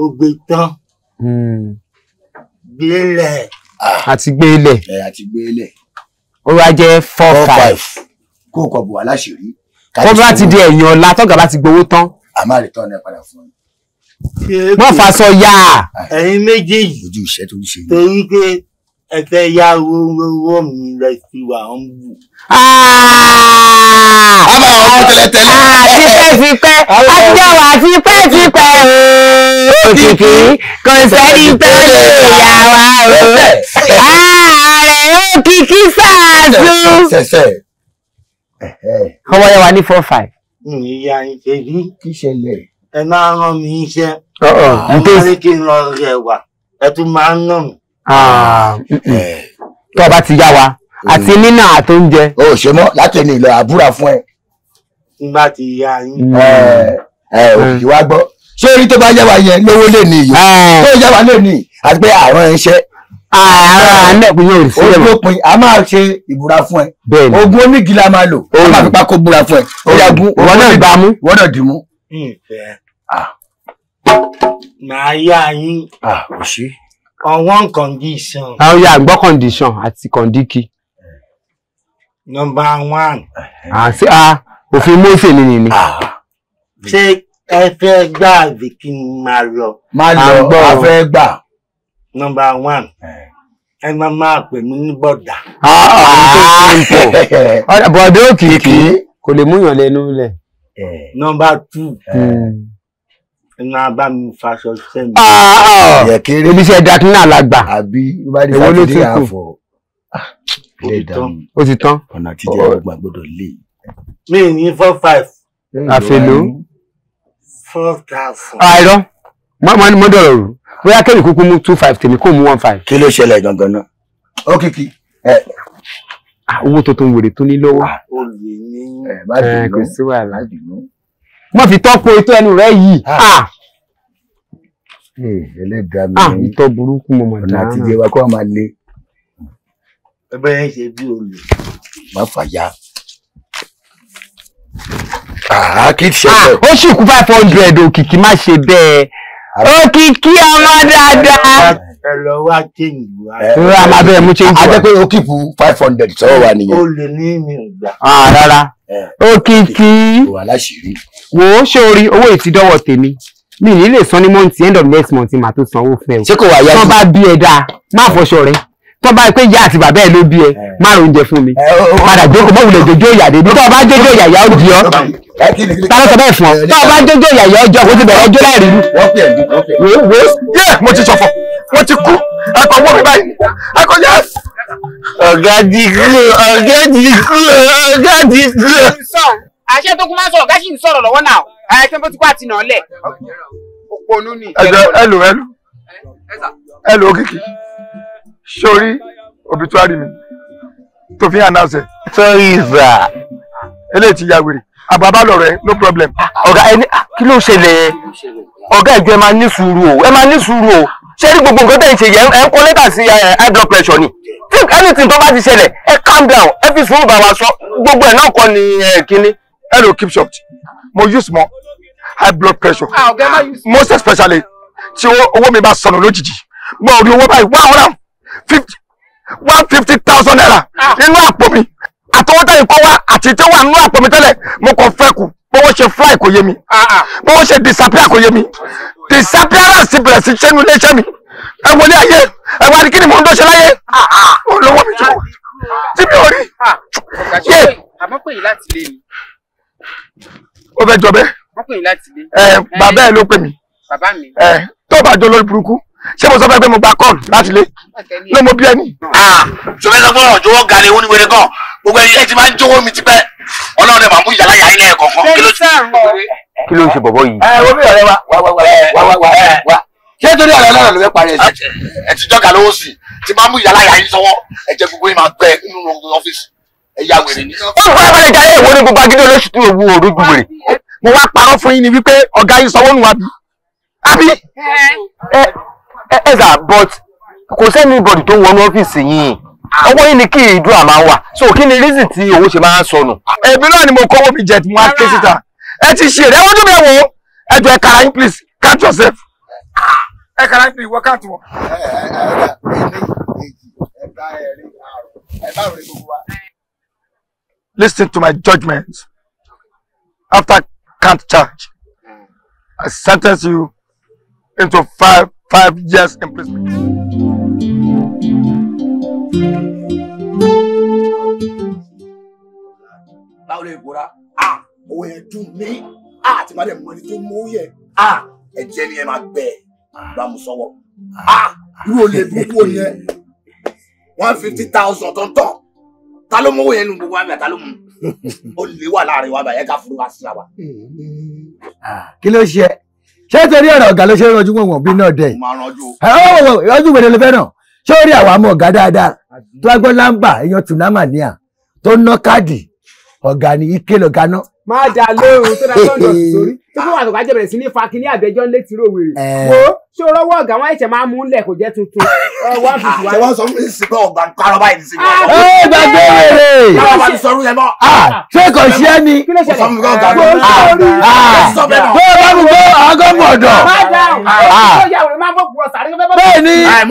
ó gbé tán hmm. gbélẹ̀. àti ah. gbélẹ̀. àti gbélẹ̀. ó wá jẹ́ four five. kó o kọ̀ bù wá láṣìírí. kó bá ti di ẹ̀yìn ọ̀la tọ́gà bá ti gbowó tán. a máa rí tọ́ni ẹ padà fún mi. wọ́n sọ yá. ẹ̀yin méjèèjì. ojú iṣẹ́ tó ń ṣe. torí pé ẹ fẹ́ yá owó mi lọ sí wa ń wù. Ah! ọmọ àwọn ah, ọmọ tẹ́lẹ̀ tẹ́lẹ̀. tipẹ́tipẹ́ ọjọ́ wa tipẹ́tipẹ́ òkìkí kò sẹ́ni tó lè yà wá o. Ah, ààrẹ òkìkí sáàtú. ọwọ́ yẹn wà ní four five. ìyá ìṣèlú kí ṣẹlẹ̀. ẹ máa rán mi iṣẹ́. ẹ máa rí kí n lọ rẹwà ẹ tún máa ń nà mí. Ah, tó o bá ti yá wa àti mm. nínà àti oúnjẹ. o ṣe mọ láti ẹni ìlọ àbúrà fún ẹ. nígbà tí ìyá yín. Mm. ẹ ẹ òkè wa gbọ́ ṣé orí tó bá yá wa yẹn lówó lè ní iye eh. tó yá wa lè ní àti pé àrùn ẹ ń ṣe ara ah, anẹ́kùn yóò sí ẹ̀rọ. olópin a máa ṣe ìbúra fún ẹ. bẹ́ẹ̀ni ogun onígi la máa lò. o máa fi pákó búra fún ẹ. o yà gun owó náà bá mú. owó náà dì mú. Ah. màá yá yín. ah òṣì on one condition. Oh yeah, gbọ́ condition àti kọ̀ndíkì. Number one. Àti see. Ah, Mósè ni ni. Ah. Ṣé ẹ fẹ́ gbà àbí kí n máa lọ? Máa lọ, a fẹ́ Number one. Eh. Ẹ máa máa pè mí ní bọ̀dà. Ah, ah, *laughs* bọ̀dà òkìkí kò lè múyàn lẹ́nu lẹ̀. Eh. Number two. Mm máa bá mi faṣọ sẹ́mi. Ah, ah. yẹ̀kẹ́rẹ́ oníṣẹ́ dakina alàgbà èwo ló ti kù ah, ó ti tán. ọ̀nà àtijọ́ ọgbà gbọ́dọ̀ lè. mi ní four five. àfẹló. four thousand. àìrọ́ mọ́dọ̀rọ̀ rò bóyá kẹ́mi kúkú mú two five tèmi kó mú one five. kí ló ṣẹlẹ̀ gangan náà. ó kìkì owó tuntun wèrè tó ní lọ́wọ́. olè ní. ẹ má dùn ún. Eh, kò sí wàhálà mọ́ fi tọ́po ètò ẹnu rẹ̀ yìí. Ah. Ah. Eh, ẹlẹ́dàá mi ìtọ́ ah, burúkú mo mọ̀ dáná. ọ̀nà àtijọ́ wa kọ́ máa le. ẹgbẹ́ yẹn ṣe bí olè. má fàyà. kì í ṣe bẹ́ẹ̀. ó sì kú five hundred òkìkí má ṣe bẹ́ẹ̀. òkìkí ọmọ dáadáa. ẹ lọ wá kéyìn wá. Eh, rárá máa bẹ́ẹ̀ mú ṣe a jẹ́ pé ó kìkú five hundred sọ́wọ́ wa nìyẹn. ó lè ní mi ìgbà. rárá òkìkí wò ó ṣóorí owó ìtidọ́wọ́ tèmi mi ní lè san ní month end of next month màá tó sanwó fẹ́ o ṣé kò wá yá tó bá bí ẹ dáa má fọṣọ rẹ tó bá pé ìyá àti bàbá ẹ ló bí ẹ eh. má ro oúnjẹ fún mi eh, padà jókòó mọ wulẹ̀ jójó ìyá débi tó o bá jójó ìyá ìyá ó di ọ ta ló sọ bẹ́ẹ̀ fún ọ eh, tó o bá jójó ìyá ìyá ọjọ́ kó ti bẹ̀rẹ̀ ọjọ́ láì rí wò wò yẹ mo ti ṣọ̀fọ̀ mo ti kú akọ mi báyìí akọ yẹ ọ̀gá ti kúrò ọ̀gá ti kúrò ọ̀gá ti kúrò. àṣẹ tó kún máa ń sọ ọ̀gá sì ń sọ̀rọ̀ lọ́wọ́ náà ààrẹ tó ń bó ti kó àti nà ọ́lẹ̀. òpònú ni. ẹjọ ẹlò ẹlò ẹlò òkìkí sórí obituari mi tó fi hàn náà sẹ. sọ́rí ìfà. eléyìí ti ya wèrè àbàbà lọ̀rọ̀ ẹ no problem. ọ̀gá ẹni kí ló ṣẹlẹ̀ ọ̀gá ìjọ ẹ máa ní sùúrù o ẹ máa ní sùúrù o ṣé rí gbogbo nǹkan tẹ̀ ń ṣe yẹn ẹ̀ ń kó lẹ́tà sí high blood pressure ni think anything tó bá ti ṣẹlẹ̀ ẹ calm down ẹ fi sùúrù bá wa sọ gbogbo ẹ̀ náà kọ́ ni kínní. hello Kipshot mo use mo high blood pressure ah, most especially tí owó mi bá sọnù lójijì mo rí owó báyìí one hundred fifty one fifty thousand naira ah. nínú àpò mi àtọwọ́ tẹ̀yìn kọ́ wá àti tí ó wà nínú àpò mi tẹ́lẹ̀ mo kàn fẹ́ kù bọ́wọ́ ṣe fly kò yé mi ah, bọ́wọ́ ṣe disappear kò yé mi disappearance bẹ̀rẹ̀ sí sẹ́nu iléeṣẹ́ mi ẹ wọlé ayé ẹ wá ní kí ni mò ń dọ́ṣẹ́ láyé olówó mi jùlọ tí mi ò rí. yé àmọ́ pé yìí láti lé mi. ó fẹ́ jọ bẹ́ẹ̀. wọ́n pè yín láti lé. ẹ bàbá ẹ ló pè mí. bàbá mi. ẹ tó bá jọ lórí burúkú ṣé mo sọ fẹ́ pé mo gba kọ́ọ̀lù láti lé ló mo bí ẹni. sọ ah, fẹ́ sọ fún ọ̀jọ̀wọ́ ga ni wọ́n ní wẹ́rẹ́ gan gbogbo ẹ̀yìn ẹ̀ ti máa ń jọwọ́ mi tipẹ́ ọlọ́run ẹ̀ máa mú ìyàlá yàrá ilẹ̀ kọ̀ọ̀kan kí ló ń ṣe bọ̀bọ̀ yìí. ẹ wo bí wa wa wa wa wa wa wa torí ọ̀rẹ́ náà ló fẹ́ parí ẹ̀sìn. ẹ ti jọ́ka lówó sí ti máa mú ìyàlá yàrá yín sọ́wọ́ ẹ jẹ́ gbogbo yín máa gbẹ nínú ọ́fíìsì ẹ yà wèrè ní. ó fún ẹ báyìí jáde ìwọ ni gbogbo olóṣù tí òwú òru ju mo wá parọ́ fún yín ni wípé ọ̀gá yín sanwó nù àbí. àbí ẹ ẹ ẹ zà but kò sẹ́ni bọ̀dì tó wọnú ọ́fíìsì yìí ọwọ́ yìí ni kí ìdúrà máa wà so kí ni reason tí owó ṣe máa ń sọnù. èmi náà ni mo kọ́wọ́ mi jẹ tí wọ́n á ké síta ẹ ti ṣe èrè ojú mi ẹ wò ó ẹ jọ ẹ kàrà yín please catch yourself ẹ kàrà yín please wọ́kàtì wọn. Listen to my judgment after count charge I sentence you into five five years imprisonment báwo lè bora owó yẹn dùn mí àti má dẹ̀ mọ́ni tó mú yẹ ẹ̀jẹ̀ ni ẹ máa gbẹ bá mu sọ́wọ́ irú olè burúkú yẹn one fifty thousand tó ń ta ló mówó yẹn nu gbogbo àmì àtàló mu olè wà láàrin wa báyẹn ká furu wa síra wa. kí ló ṣe ṣé torí ọ̀rọ̀ ọ̀gá ló ṣe ń rọjú wọ̀nwọ̀n bí náà dẹ̀ ẹ̀ ọ́ wọ̀nwọ̀n ọdún wẹ̀rẹ̀ lè fẹ́ sórí àwọn àmọ́ ọ̀gá dáadáa tọ́gbọ́n lámbà èèyàn tùnámà ní à tó ná káàdì ọ̀gá ni ike lọ̀gá náà. máa dà lóorun tó dáa lọ́dọ̀ sórí *laughs* tó fún àtọ̀gá jẹ́ bẹ̀rẹ̀ sí ní fakini àbẹ̀jọ́ létí ròwèrè wo ṣé o rọ́wọ́ ọ̀gá wọn ẹ̀ṣẹ̀ máa mú lẹ̀ kò jẹ́ tuntun wá fi wá. *laughs* ṣé wọ́n sọ fún mi sí pé ọ̀gá ń parọ́ báyìí sí mi. Ah, ẹ gbàgbé wèrè. yàrá wa ti sọrú yẹn mọ́. Ah, ah, ṣé kò ṣí ẹ ni. kí ló ṣẹlẹ̀ sọ fún mi kọ́ ọ̀gá mi. bó o bá mi gbọ́ ọgọ́mọ̀dọ̀. má sàárè fẹ́ bọ́ bẹ́ẹ̀ ni fẹ́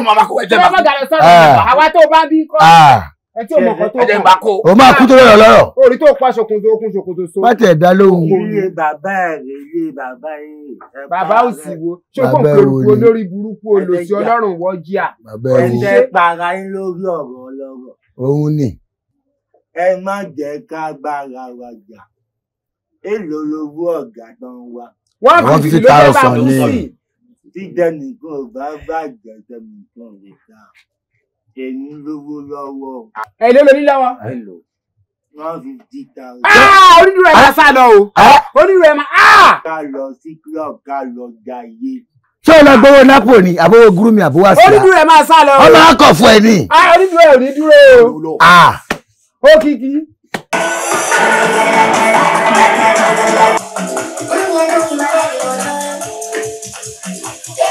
bọ́ gàrẹ́ sọ́ọ̀rọ̀ àwa tó bá bí kọ́ ah. ẹ tí o mọ̀ kan tó kọ́ o máa kú tó lọ́rọ̀ lọ́rọ̀ orí tó pa ṣòkòtò okùn ṣòkòtò so. má tẹ̀ dá lóhùn. ilé bàbá rẹ̀ ilé bàbá yìí. bàbá ò sì wo ṣókàn kòròkò lórí burúkú olòṣì ọlọ́run wọ́jíà. ẹ̀jẹ̀ para yín lórí ọ̀rọ̀ ọlọ́rọ̀. òun ni. ẹ má jẹ́ ká gbára wa jà èèlò lówó ọ̀gá tán wa. wọ́n fi ti lóye bàbá sí jíjẹ nìkan ò bá bàjẹ́ jẹ nìkan lè ta èmi lówó lọ́wọ́. ẹ ló lo lílá wa. one fifty thousand. Ah, onídùúrẹ́ máa sá lọ o ah. onídùúrẹ́ máa. Ah! ká lọ sí club ká lọ jayé ṣé o lọ gbowó nápò ni àbówó gúrúmi àbówá sí i. onídùúrẹ́ máa sá lọ. ọlọ́ akọ̀ fún ẹ ní. onídùúrẹ́ ò ní dúró o. ó kìkì.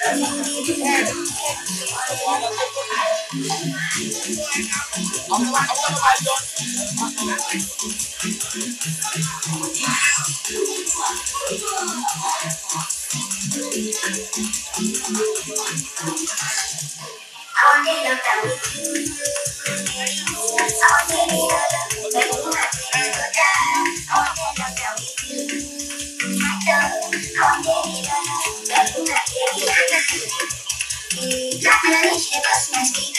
I want to love them. I I'm love them. analyze the person's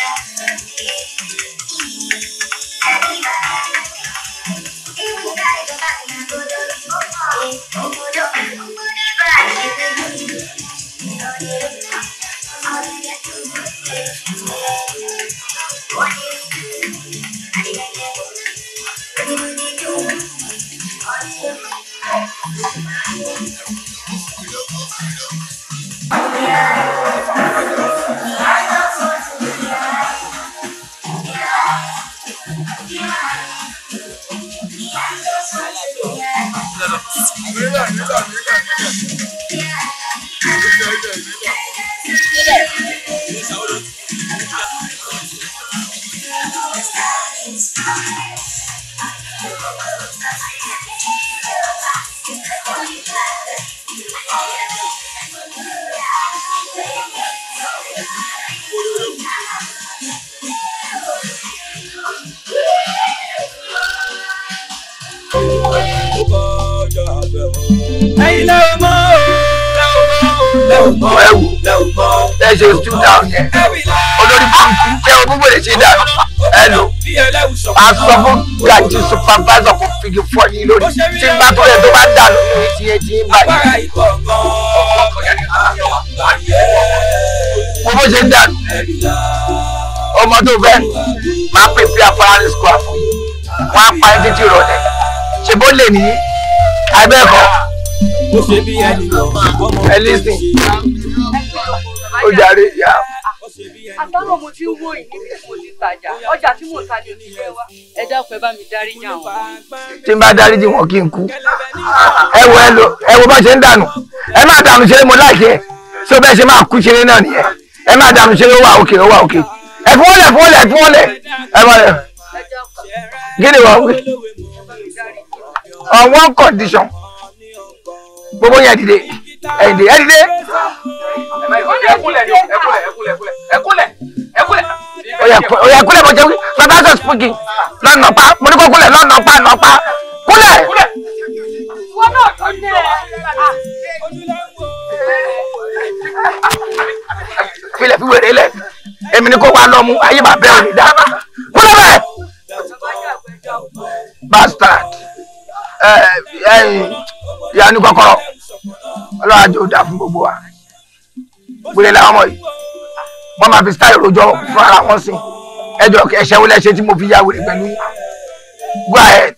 nígbà tí supervisor kò figi fọ́ ní lórí tí n bá tó yẹ tó bá dà lórí ti yẹ ti ń báyìí. mo bó ṣe ń dànù ọmọ tó fẹ́ máa pèpè àfọlárí square fún yìí wọ́n á pa ẹni títí rọ̀lẹ́ ṣe bó lè ní abẹ́ẹ̀kọ́ ẹ lísìn ó jàre yá. àtàwọn ọmọ tí ń wò yìí ní kò ti tajà ọjà tí mò ta ni òkìlẹ̀ wa dákun ẹ bá mi dáríjì àwọn. tí n bá dáríjì wọn kí n kú ẹ wo ẹ lo ẹ wo bá ṣe ń dànù ẹ máa dànù ṣeré mo láìkí ẹ ṣé bẹ́ẹ̀ ṣe máa kú ṣeré náà nìyẹn ẹ máa dànù ṣeré ó wà òkè ó wà òkè ẹ fún wọlé fún wọlé fún wọlé ẹ máa lẹ gíní wà wí on one condition gbogbo yẹn dìde ẹ dìde ẹ dìde ẹ kúlẹ̀ ẹ kúlẹ̀ oyè kúlẹ̀ mọ̀ jẹ́wí bàbá sọ spooky lọ́nà pa mo ní kó kúlẹ̀ lọ́nà pa nà pa kúlẹ̀. wọn náà tó ní ẹ ah, filẹ̀ fi wèrè lẹ̀ èmi ni kò wá lọ mú ayé bàbá ò ní dá kúlẹ̀ bẹ̀. bastard ẹ ẹ ìyá ní kọ́kọ́rọ́ ọlọ́wájú ó dà fún gbogbo wa wèrè làwọn ọmọ yìí wọ́n máa fi style rojọ́ fún ara wọn sí ẹjọ́ ẹ̀ṣẹ̀ wọlé ṣe tí mo fi yàwó rẹ̀ pẹ̀lú go ahead.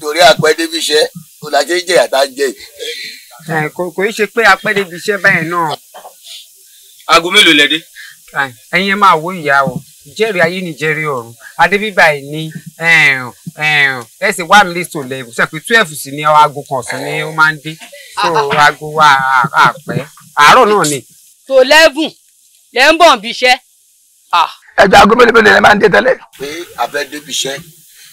torí àpẹẹdé fi ṣe ọ̀làjẹ́ jẹ́ àtà jẹ́ kò í ṣe pé apẹ́ẹ́dé fi ṣe báyìí náà. aago mélòó lẹ dé. ẹ̀yin máa wo ìyá o jẹ́rìí ayé ni jẹ́rìí ọ̀run adébíbà yìí ní ẹsẹ̀ wà mí lẹ́sọ̀ lẹ́wù sẹ́pẹ́ twelve sí ni aago kan ọ̀sán ni ó máa ń dé so aago wa àpẹ́ àárọ̀ náà ni. tó lẹ́bùn lẹ́ ń bọ̀ ń bíṣẹ́. ẹja aago mélòó mélòó lẹ máa ń dé tẹ́lẹ̀. pé abẹ́ débi iṣẹ́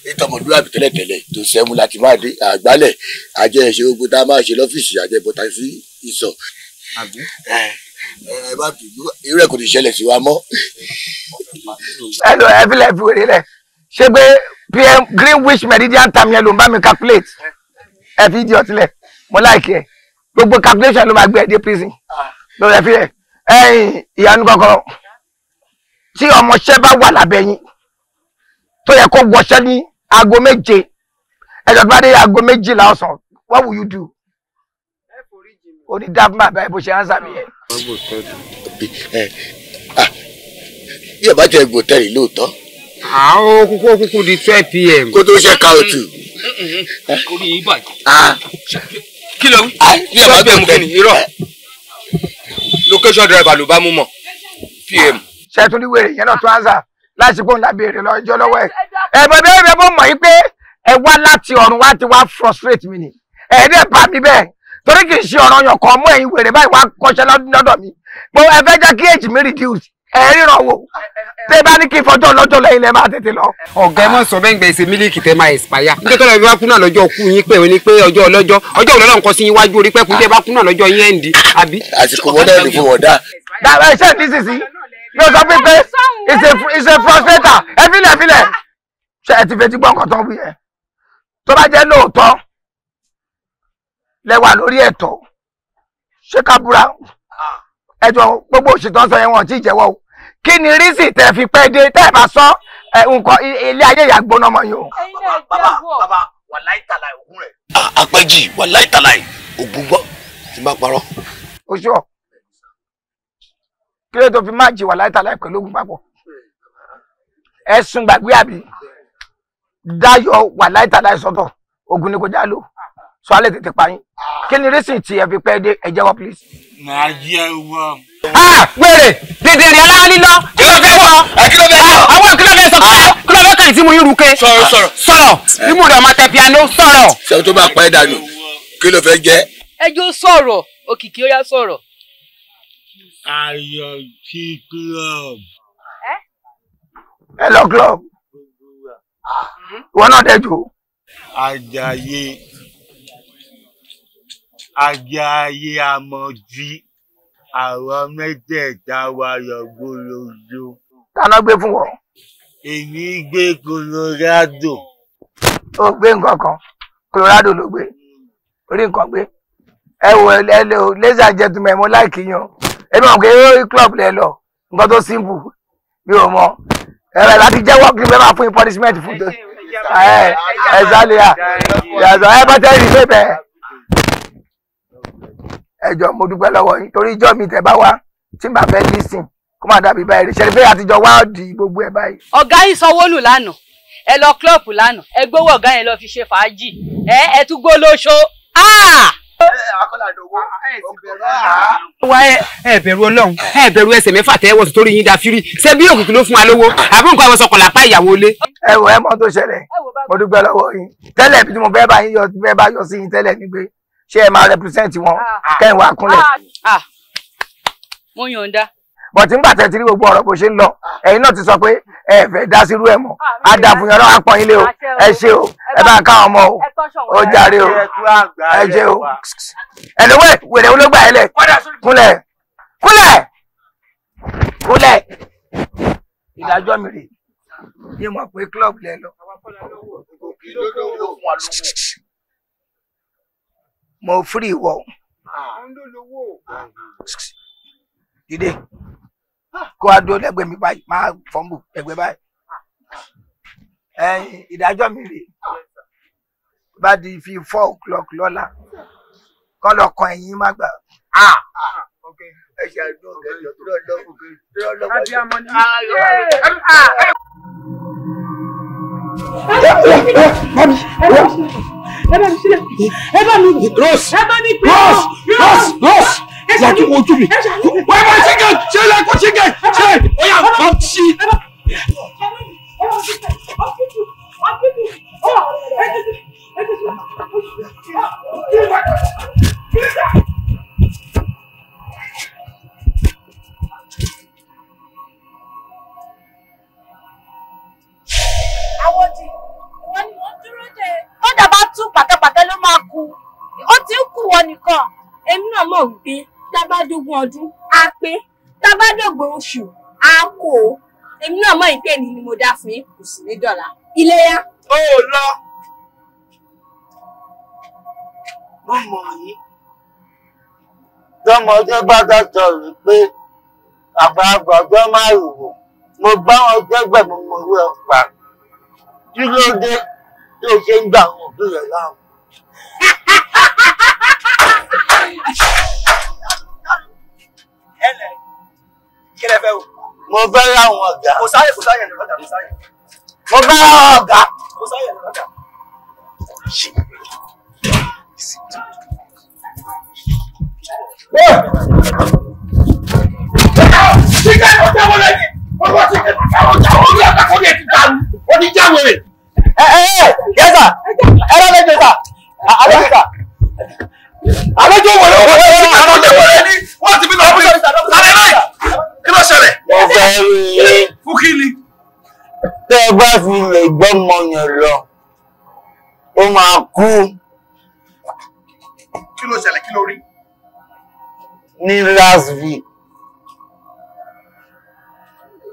ètò ọmọlúwàbí tẹ́lẹ̀tẹ́lẹ̀ tó sẹ́mu láti máa dé àgbálẹ̀ àjẹ ìṣe gbogbo tá a máa ṣe lọ́fíìsì àjẹ bọ́tà sí ìsọ̀. ẹ ẹ má bínú irú ẹ kò ní ṣẹlẹ̀ sí wa mọ́. ẹ lọ ẹ fi lẹ fi wèrè lẹ ṣé pé pm greenwich meridian time yẹn ló ń bá mi calculate ẹ fi idiot lẹ mo láìkí ẹ gbogbo calculation ló máa gbé ẹ dé prison lọ ẹ fi ẹ̀yin ìyanu kọ́kọ́rọ́ tí ọmọọṣẹ́ bá wà lábẹ́ tó yẹ kó wọṣẹ́ ní aago méje ẹjọ́ tó bá dé aago méjìlá ọ̀sán what will you do onídàbọ̀n àbá ẹ̀ bó ṣe ánsà mi yẹn. bí ọba jẹ ẹgbò tẹ́lẹ̀ lóòótọ́. àwọn kókó kúkú di twelve pm. kó tó ṣe káòtù. orí ah. kí ló ń ah, bí ọba jẹ ẹgbò tẹ́lẹ̀ irọ́. Eh location driver ló bá mú mọ̀ pm. ṣètùlí wèrè yẹn náà tún ánsà lásìkò ńlá béèrè lọ́jọ́ lọ́wọ́ ẹ̀ ẹ̀ bọ̀ bẹ́ẹ̀ bẹ́ẹ̀ mo mọ̀ yí pé ẹ wá láti ọ̀run wá ti wá frustrate mi ni ẹ̀ ẹ̀ dẹ̀ bá mi bẹ́ẹ̀ torí kì í ṣe ọ̀ràn yàn kan mọ́ ẹ̀yin wèrè báyìí wá kọ́ṣẹ́ lọ́dọ̀ mi mo ẹ fẹ́ jẹ́ kí èjì mi reduce ẹ ríran wò tẹ bá ní kí n fọjọ́ lọ́jọ́ lẹ́yìn lẹ́ máa tètè lọ. ọ̀gá ẹ mọ̀ sọ bẹ́ẹ̀ gbèsè mílíìkì tẹ máa ẹ̀sìpáyà níjẹ́ tó lọ́ọ́ bí lọ́jọ́ kú yín pé òní pé ọjọ́ ọlọ́jọ́ ọjọ́ òlọ́lọ́ nǹkan sí iwájú orí pẹ́kun tẹ bá kú lọ́jọ́ yín ẹ̀ǹdì àbí. àsìkò wọdà ìlú fún wọdà. dàbẹ iṣẹ́ nísinsì yóò sọ pé iṣẹ́ frustrator ẹ filẹ̀ filẹ̀ ẹjọ gbogbo òṣìtàn sọ yẹn wọn ti jẹ́wọ́ o kí ni rísì tẹ fi pẹ́ dé tẹ bá sọ nǹkan ilé ayé ìyàgbọ́n ọmọ yìí o. bàbá bàbá wàláì tàlàyé ògùn rẹ. àpẹjì wàláì tàlàyé ògùn gbọ́ tí bá parọ́. o kí ló tó fi máa jì wàláì tàlàyé pẹ̀lú ògùn papọ̀ ẹ̀sùn gbàgbé àbí dáyọ̀ wàláì tàlàyé sọ́tọ̀ ògùn ni kò já lò sọ alẹ́ tètè pa yín kí ni rísì tí ẹ fi pẹ́ dé ẹ jẹ́wọ́ please. Ah, yẹ wọ. a wèrè dèdè rìn alára lílọ kí ló fẹ́ sọ àwọn kí ló fẹ́ sọ ah! kí ló fẹ́ Sorry, sorry, sorry. You ruke sọ̀rọ̀ sọ̀rọ̀ sọ̀rọ̀ eh. Sorry. rẹ̀ ọmọ tẹ piano sọ̀rọ̀. sẹ́wọ́n tó bá pa sorry? dànù kí ló fẹ́ jẹ́. ẹjọ́ sọ̀rọ̀ òkìkí ó yá sọ̀rọ̀. ayọ̀ sí club. hello club wọn náà dẹjọ ayáayé a mọ jí àwọn mẹ́tẹ̀ẹ̀ta wa lọ gbólójó. tànà gbé fún wọn. èmi gbé colorado. ó gbé nǹkan kan colorado ló gbé orí nǹkan gbé ẹ wò ẹ lè o lẹ́sà gentleman mo láìkí yan ẹ bí wọn kò eré club lẹ lọ nǹkan tó simple mi ò mọ ẹ rẹ láti jẹ́wọ́ kí n bẹ́ẹ̀ máa fún yín punishment fún tó ẹ ẹ sálẹ̀ à ẹ bá tẹ́ ẹ rí bẹ́ẹ̀ bẹ́ẹ̀ ẹjọ́ mo dúpẹ́ lọ́wọ́ yín torí ìjọ mi tẹ́ bá wá tí n bá fẹ́ lísìn kó má dàbí báyìí rí ṣẹlẹ̀ fẹ́ àtijọ́ wá di gbogbo ẹ̀ báyìí. ọ̀gá yìí sanwó lù lánàá ẹ lọ klọ́ọ̀pù lánàá ẹ gbowó ọ̀gá yẹn lọ fi ṣe fàájì ẹ ẹ tún gbó lóṣó. Ah! ẹ bẹ̀rù ọlọ́run ẹ bẹ̀rù ẹsẹ̀ mẹ́fà tẹ́ wọ́n sọ́tòrí yín dáfírí ṣé bí òkùnkùn ló fún wa lówó àbí nǹkan àwọn sọkọ̀ lápá ìyàwó ilé. ẹ wọ ẹ mọ tó ṣẹlẹ̀ mo dúpẹ́ lọ́wọ́ yín tẹ́lẹ̀ bí mo fẹ́ bá yín yọ sí yín tẹ́lẹ̀ nígbè ṣé ẹ máa represent wọn ah. ah. kẹ́hìn wá kúnlẹ̀. Ah. mo yọ̀ǹda. bọ̀tí ń gbàtẹ́ tí rí gbogbo ọ̀rọ̀ kò ṣe ń lọ ẹ̀yin náà ti sọ pé ẹ fẹ́ dá sírú ẹ̀ mọ́ adàfúnyàn náà á pọ́n ilé o ẹ ṣe o ẹ bá ká ọmọ o ó jàre o ẹ ṣe o ẹ lówó wèrè olóògbà ẹ kúnlẹ̀ kúnlẹ̀ kúnlẹ̀ ìdájọ́ mi rè é mo pé club lẹ lọ mo free wọ. Ah. dìde kó a dúró lẹ́gbẹ̀ẹ́ mi báyìí máa fọ́nbù ẹgbẹ́ báyìí ẹ̀yin ìdájọ́ mi rèé bá di fi four o'clock lọ́la kọ́ lọ kan ẹ̀yin má gbà. Ah. ẹ ṣe àdúrà kẹjọ tó lọ lọ kó kẹjọ tó lọ lọ. Mami, ẹ bá mi sílẹ̀, ẹ bá mi sílẹ̀, Rose, Rose, Rose, Rose, yàtú ojú mi, wọ́n bá ṣe gẹ̀, ṣe lè kó ṣe gẹ̀, ṣe ọ̀yà bá ṣí. Thank you. lọ́wọ́ dì ìwọ ni wọ́n dúró dè. kódà bá tú pàtàpàtà ló máa kú ó ti ń kú wọn nìkan èmi náà mọ̀ wípé tábádógún ọdún á pé tábádọ́gbọ̀n oṣù á kó èmi náà mọ̀ ìpè ní ni mo dá fún yín kò sì ní dọ̀là iléyá. ó lọ mọ̀mọ́ yìí tọmọ ọjọ́ bá dọ́tọ̀ rí pé àgbààgbà ọjọ́ márùn-ún mo bá wọn jẹ́gbẹ̀mú mo rí ọ̀pá kí ló dé tí o ṣe ń gbà àwọn òbí rẹ̀ láwọn. ẹnlẹ kí lẹ o. mo fẹ́ láwọn ọ̀gá. kò sáyè kò sáyè lọ́dà kò sáyè. mo fẹ́ láwọn ọ̀gá. kò sáyè lọ́dà. Chicken, what's up with wèrè. ẹ ẹ yẹ sà ẹ lọ bẹ jẹ sà àbẹ jẹ sà. àbẹ jẹ wèrè wèrè wèrè àwọn ni wọn ti fi lọ fún mi lálẹ́ kí ló ṣẹlẹ̀. mo fẹ́ rí i. tẹ́ ẹ bá fi lè gbọ́ mọ̀yàn lọ ó máa kú. kí ló ṣẹlẹ̀ kí ló rí. ní last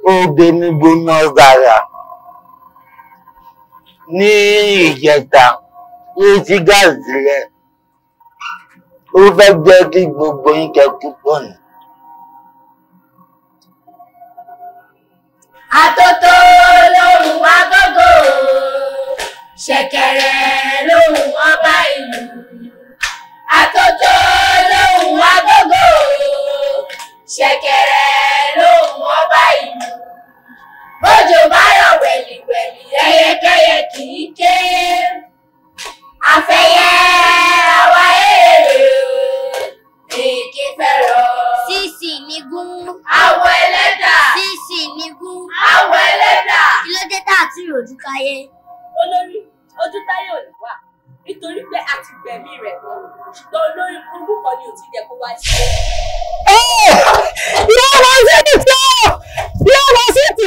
ó gbé ní gbóná dára ní ìjẹta ní ti gáàsì rẹ ó fẹ́ jẹ́ kí gbogbo yín kẹ kú pọ̀ ní. Àtótó lóhùn agogo, ṣẹ̀kẹ̀rẹ̀ lóhùn ọba ìlú. Àtótó lóhùn agogo, ṣẹ̀kẹ̀rẹ̀ lóhùn ọba ìlú. Ojo bá yọ wẹ̀lìwẹ̀lì ẹyẹkẹyẹ kì í ké afẹ́yẹ àwa èrè èké fẹ́rọ. sísì ní gún. awọ ẹlẹ́dà. sísì ní gún. awọ ẹlẹ́dà. kí ló dé tá a ti rò ojú káyé. olórí ojú táyé ò ní wà nítorí pé a ti gbẹ̀mí rẹ̀ tán ṣùgbọ́n olórí burúkú ni ò ti jẹ́ kó wá sí. Ah! yóò wá sí ti tó yóò wá sí ti.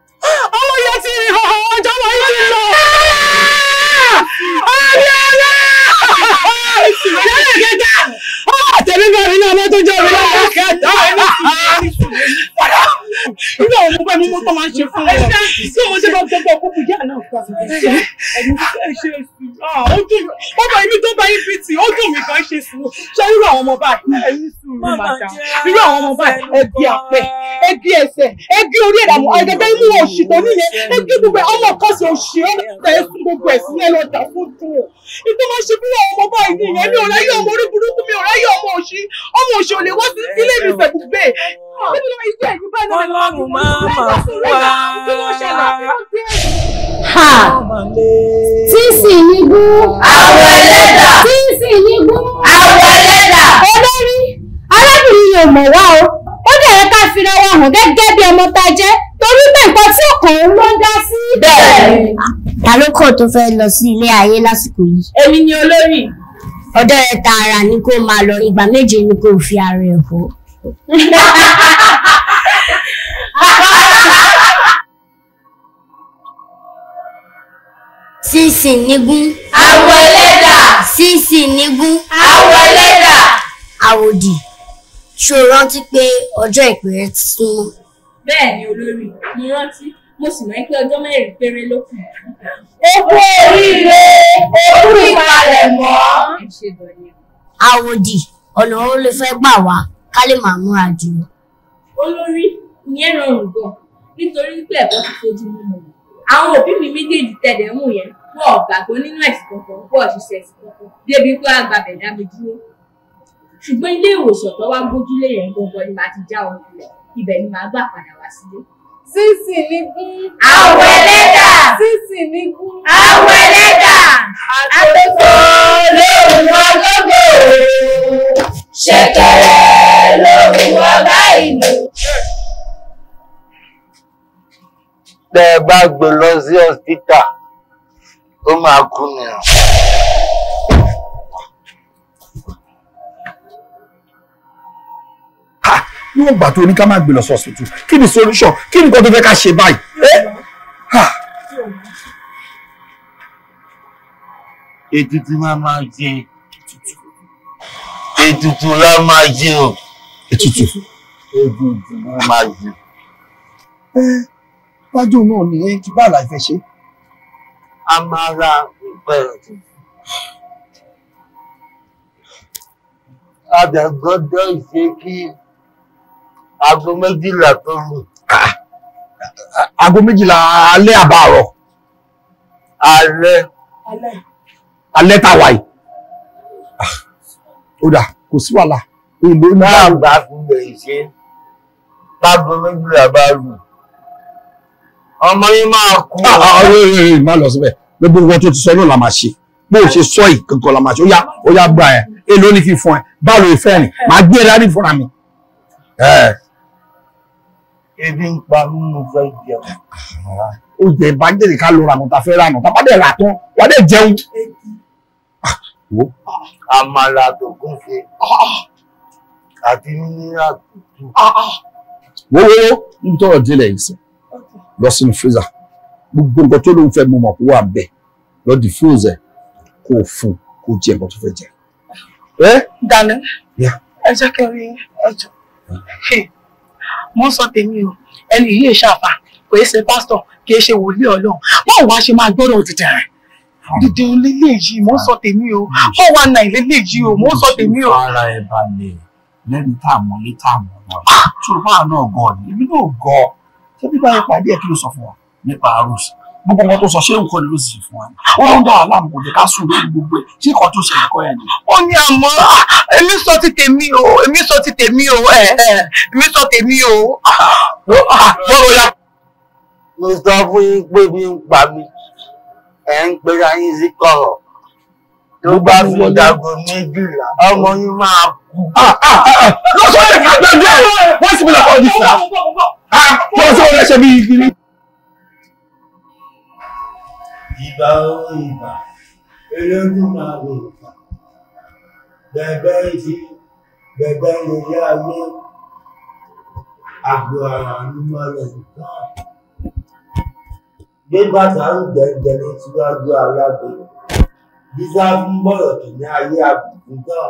ọmọ ìyá ti rìn hàn ọjọ́ wọ̀nyí ti lọ. ọ̀rẹ́ ọ̀rẹ́ yẹ́nì kẹta ọmọ tẹ̀mí bẹ̀rẹ̀ ní ọmọ tó jẹ́ òmìnira kẹta. Ilé àwọn ọmọ ẹni mo tọ́ máa ń ṣe fún wọn. Ṣé mo ṣe bá gbogbo yá náà fún àṣẹ? Ẹ ṣe sùn. Ó dùn mí. Ọmọ ibi tó bá yín fi tì, ó dùn mí kan ṣe sùn. Ṣé irú àwọn ọmọ báyìí? Ẹyin sùn ní màdà. Irú àwọn ọmọ báyìí, ẹbí àpẹ, ẹbí ẹsẹ̀, ẹbí orí ẹ̀dàmú, ẹ̀dẹ̀gbẹ́ inú òṣì tó níyẹn, ẹbí gbogbo ọmọ kan sì òṣì ọmọ ọlọ́run máa máa fún Ha! Tí sì ní gún. Àwọ̀ ẹlẹ́dà. Tí sì ní gún. Àwọ̀ ẹlẹ́dà. Olórí, arábìnrin yóò mọ̀ wá o. Ó dẹ̀ yẹ ká fira wa hàn gẹ́gẹ́ bí ọmọ tá a jẹ́. Torí pé nǹkan tí ọkàn òun ló ń dá sí. Bẹ́ẹ̀ni. Ta ló kọ̀ tó fẹ́ lọ sí ilé ayé lásìkò yìí? Èmi ni olórí ọjọ́ rẹ̀ ara ni kó máa lọ ìgbà méje ni kó fi ara ẹ̀ hó. *laughs* Sínsìn nígún. Àwọ̀ ẹlẹ́dà. Sínsìn nígún. Àwọ̀ ẹlẹ́dà. Àwòdì. Ṣé rántí pé ọjọ́ ìpè rẹ ti súnmọ́? Bẹ́ẹ̀ ni olórí, mo rántí, mo sì mọ̀ pé ọjọ́ mẹ́rin péré ló kù. Ó kú oríire, ó kú ìpalẹ̀mọ́. Àwòdì, ọ̀nà wo ló fẹ́ gbà wá ká lè máa múra jùlọ? Olórí, ìyẹn rọrùn gan nítorí pé ẹ̀kọ́ ti fojú mú mi àwọn òbí mi méjèèjì tẹ̀lé mú yẹn wọ́n ọ̀gbàgbọ́ nínú ẹ̀sìn kankan wọ́n ṣiṣẹ́ ẹ̀sìn kankan débi pé àgbà bẹ̀dá mi dúró ṣùgbọ́n ilé ìwòsàn tó wá gbójúlé yẹn gangan ni màá ti já òun lọ ibẹ̀ ni màá gbà padà wá sílé. sísìn ní gún. àwọ̀ ẹlẹ́dà. sísìn ní gún. àwọ̀ ẹlẹ́dà. àtòkò lòun ọgọ́gọ́ ṣẹ̀kẹ̀rẹ̀ lòun ọgá tẹ́ ẹ bá gbé lọ sí hospital ó máa kú nìyàn. níwọ̀n gbà tó ní ká má gbé lọ sọ́sìtù kí ni solution kí ni nǹkan tó fẹ́ ká ṣe báyìí. Eh? ètùtù la máa jẹ ètùtù la máa jẹ o. ètùtù. ètùtù la máa jẹ. Eh? wájú náà nìyẹn ti bá àlàyé fẹ́ ṣe. a máa ra nǹkan ẹ̀rọ̀jù. Adà gbọ́dọ̀ ṣe kí aago méjìlá tó lù. Aago méjìlá alẹ́ àbáàrọ̀. Alẹ́. Alẹ́ tàwa yìí. Ó dà kò sí wàhálà. Èlò náà. Bá fún bẹ̀rẹ̀ ṣe, bá méjìlá bá lù ọmọ yín máa kú. Ah, ah, ah, má lọ síbẹ̀ gbogbo nǹkan tó ti sọ náà la máa ṣe bó o ṣe sọ yìí kankan la máa ṣe ó yá ó yá gba ẹ èlò ní kí n fún ẹ báwo ìfẹ́ ni màá gbé ẹ dání fúnra mi. ebi ń pa mí mo fẹ́ jẹun. ó jẹ ìbájẹ́rì ká lọ rànà tàfẹ́ rànà tàbá dẹ̀ rà tán wà á dẹ̀ jẹun. àmàlà tó kún fi àti nínú àtúntò. wo wo wo nítorí ọ̀dẹ́lẹ̀ yìí sọ lọ sínú freezer gbogbo nǹkan tó ló ń fẹ́ mo mọ̀ kó wà bẹ́ẹ̀ lọ di frozen kó o fún kó o jẹ nǹkan tó fẹ́ jẹ. dànù ẹ jẹ́ kí n rí ẹjọ́ mo ń sọ tèmi o ẹni yìí ṣàfà kò é ṣe pásítọ̀ kì í ṣe wòlíì ọlọ́run báwo wá ṣe máa gbọ́dọ̀ òdìdà rẹ̀ dìde lílé yìí mo ń sọ tèmi o ó wà náà ìlélẹ̀ yìí o mo ń sọ tèmi o. ara ẹ balẹ̀ lẹ́nu tá a mọ̀ ní tá a mọ̀ náà ṣùgbọ́n àná ni èmi náà gọ̀ ṣé bí báyìí pàdé ẹ̀ kí ló sọ fún wa nípa arúgbó gbogbo nǹkan tó sọ ṣé nǹkan ni ló sì fún wa ni ó ló ń dá aláàmù kò jẹ ká sùn lórí gbogbo ẹ ṣé nǹkan tó ṣẹlẹ̀ kọ ẹ ni. ó ní àmọ́ èmi sọ ti tèmi o èmi sọ ti tèmi o ẹ èmi sọ tèmi o. báwo la. mo sọ fún yín pé mi ń pa mi ẹ ń pera yín sí kọ̀rọ̀ tó bá fi dàgbò méjìlá ọmọ yín máa Ah ah ah! agbẹ́bí ah. ẹ̀ wọ́n sì bílẹ̀ ọ̀dí sá ah, lọ́sọ̀rọ̀ yẹn ṣe bí Ah, ìbà ohun ìbà eléyìí máa lò ìbà bẹ̀bẹ̀ ìdí bẹ̀bẹ̀ lórí ayé àgbò ara ló máa lọ ìbà. gbégbá tá ń gbẹ̀ngbẹ̀ ní tiwájú alágbèrè bí sáà ń bọ̀rọ̀ tó ní ayé àbùkù náà.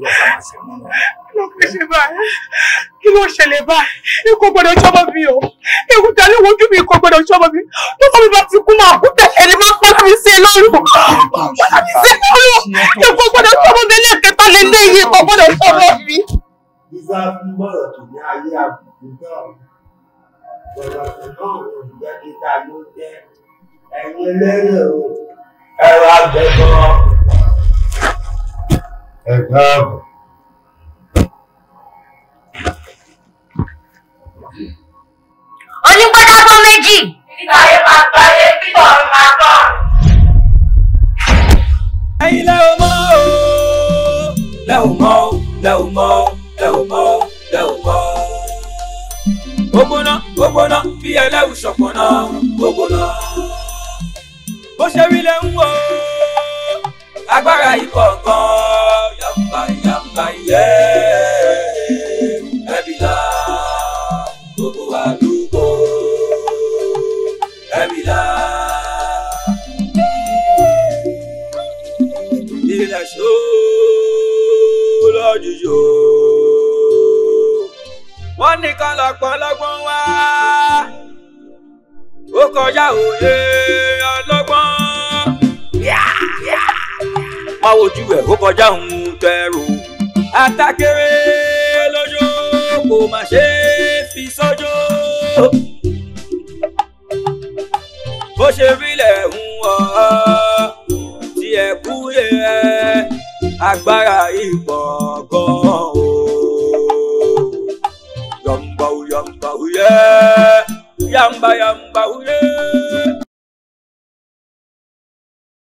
Kí ló fi ṣe báyìí? Kí ló ṣẹlẹ̀ báyìí? Ikú gbọ́dọ̀ o. Ewu dalẹ̀ wojú mi ikú gbọ́dọ̀ ṣọ́mọ mi. Lọ́kọ́ mi bá ti kú máa kú tẹ̀lé ni máa pọ́nà mi sí lọ́rùn. Pọ́nà Ẹ̀rọ àgbẹ̀gbọ́n ẹ káàbọ̀. onígbọ́dágbọ́ méjì. títàyé máa gbáyé títọ̀ máa tọ̀. ẹ̀yin lẹ ò mọ̀ o lẹ ò mọ̀ o lẹ ò mọ̀ o lẹ ò mọ̀ o lẹ ò mọ̀ o. gbogbona gbogbona bí ẹlẹ́wù ṣọ̀pọ̀nà gbogbona. bó agbára yìí pọ̀ gan-an yàmbá yàmbá yẹ ẹ̀bìlà gbogbo àdúgbò ẹ̀bìlà. ilẹ̀ ṣó lọ́dún yóò wọ́n nìkan lọ́pọ̀ lọ́gbọ́n wá ó kọjá òye ọlọ́gbọ́n má wojú ẹ̀ ó kọjá òun tẹrù. àtàkèrè lójó kò má ṣe é fi sójó. bó ṣe rílẹ̀ ń wọ̀ ọ́ tí ẹ kú lé ẹ agbára ìpọ̀ gan-an o. yọ̀ǹbà yọ̀ǹbà yẹ́ yàǹbà yàǹbà yẹ́.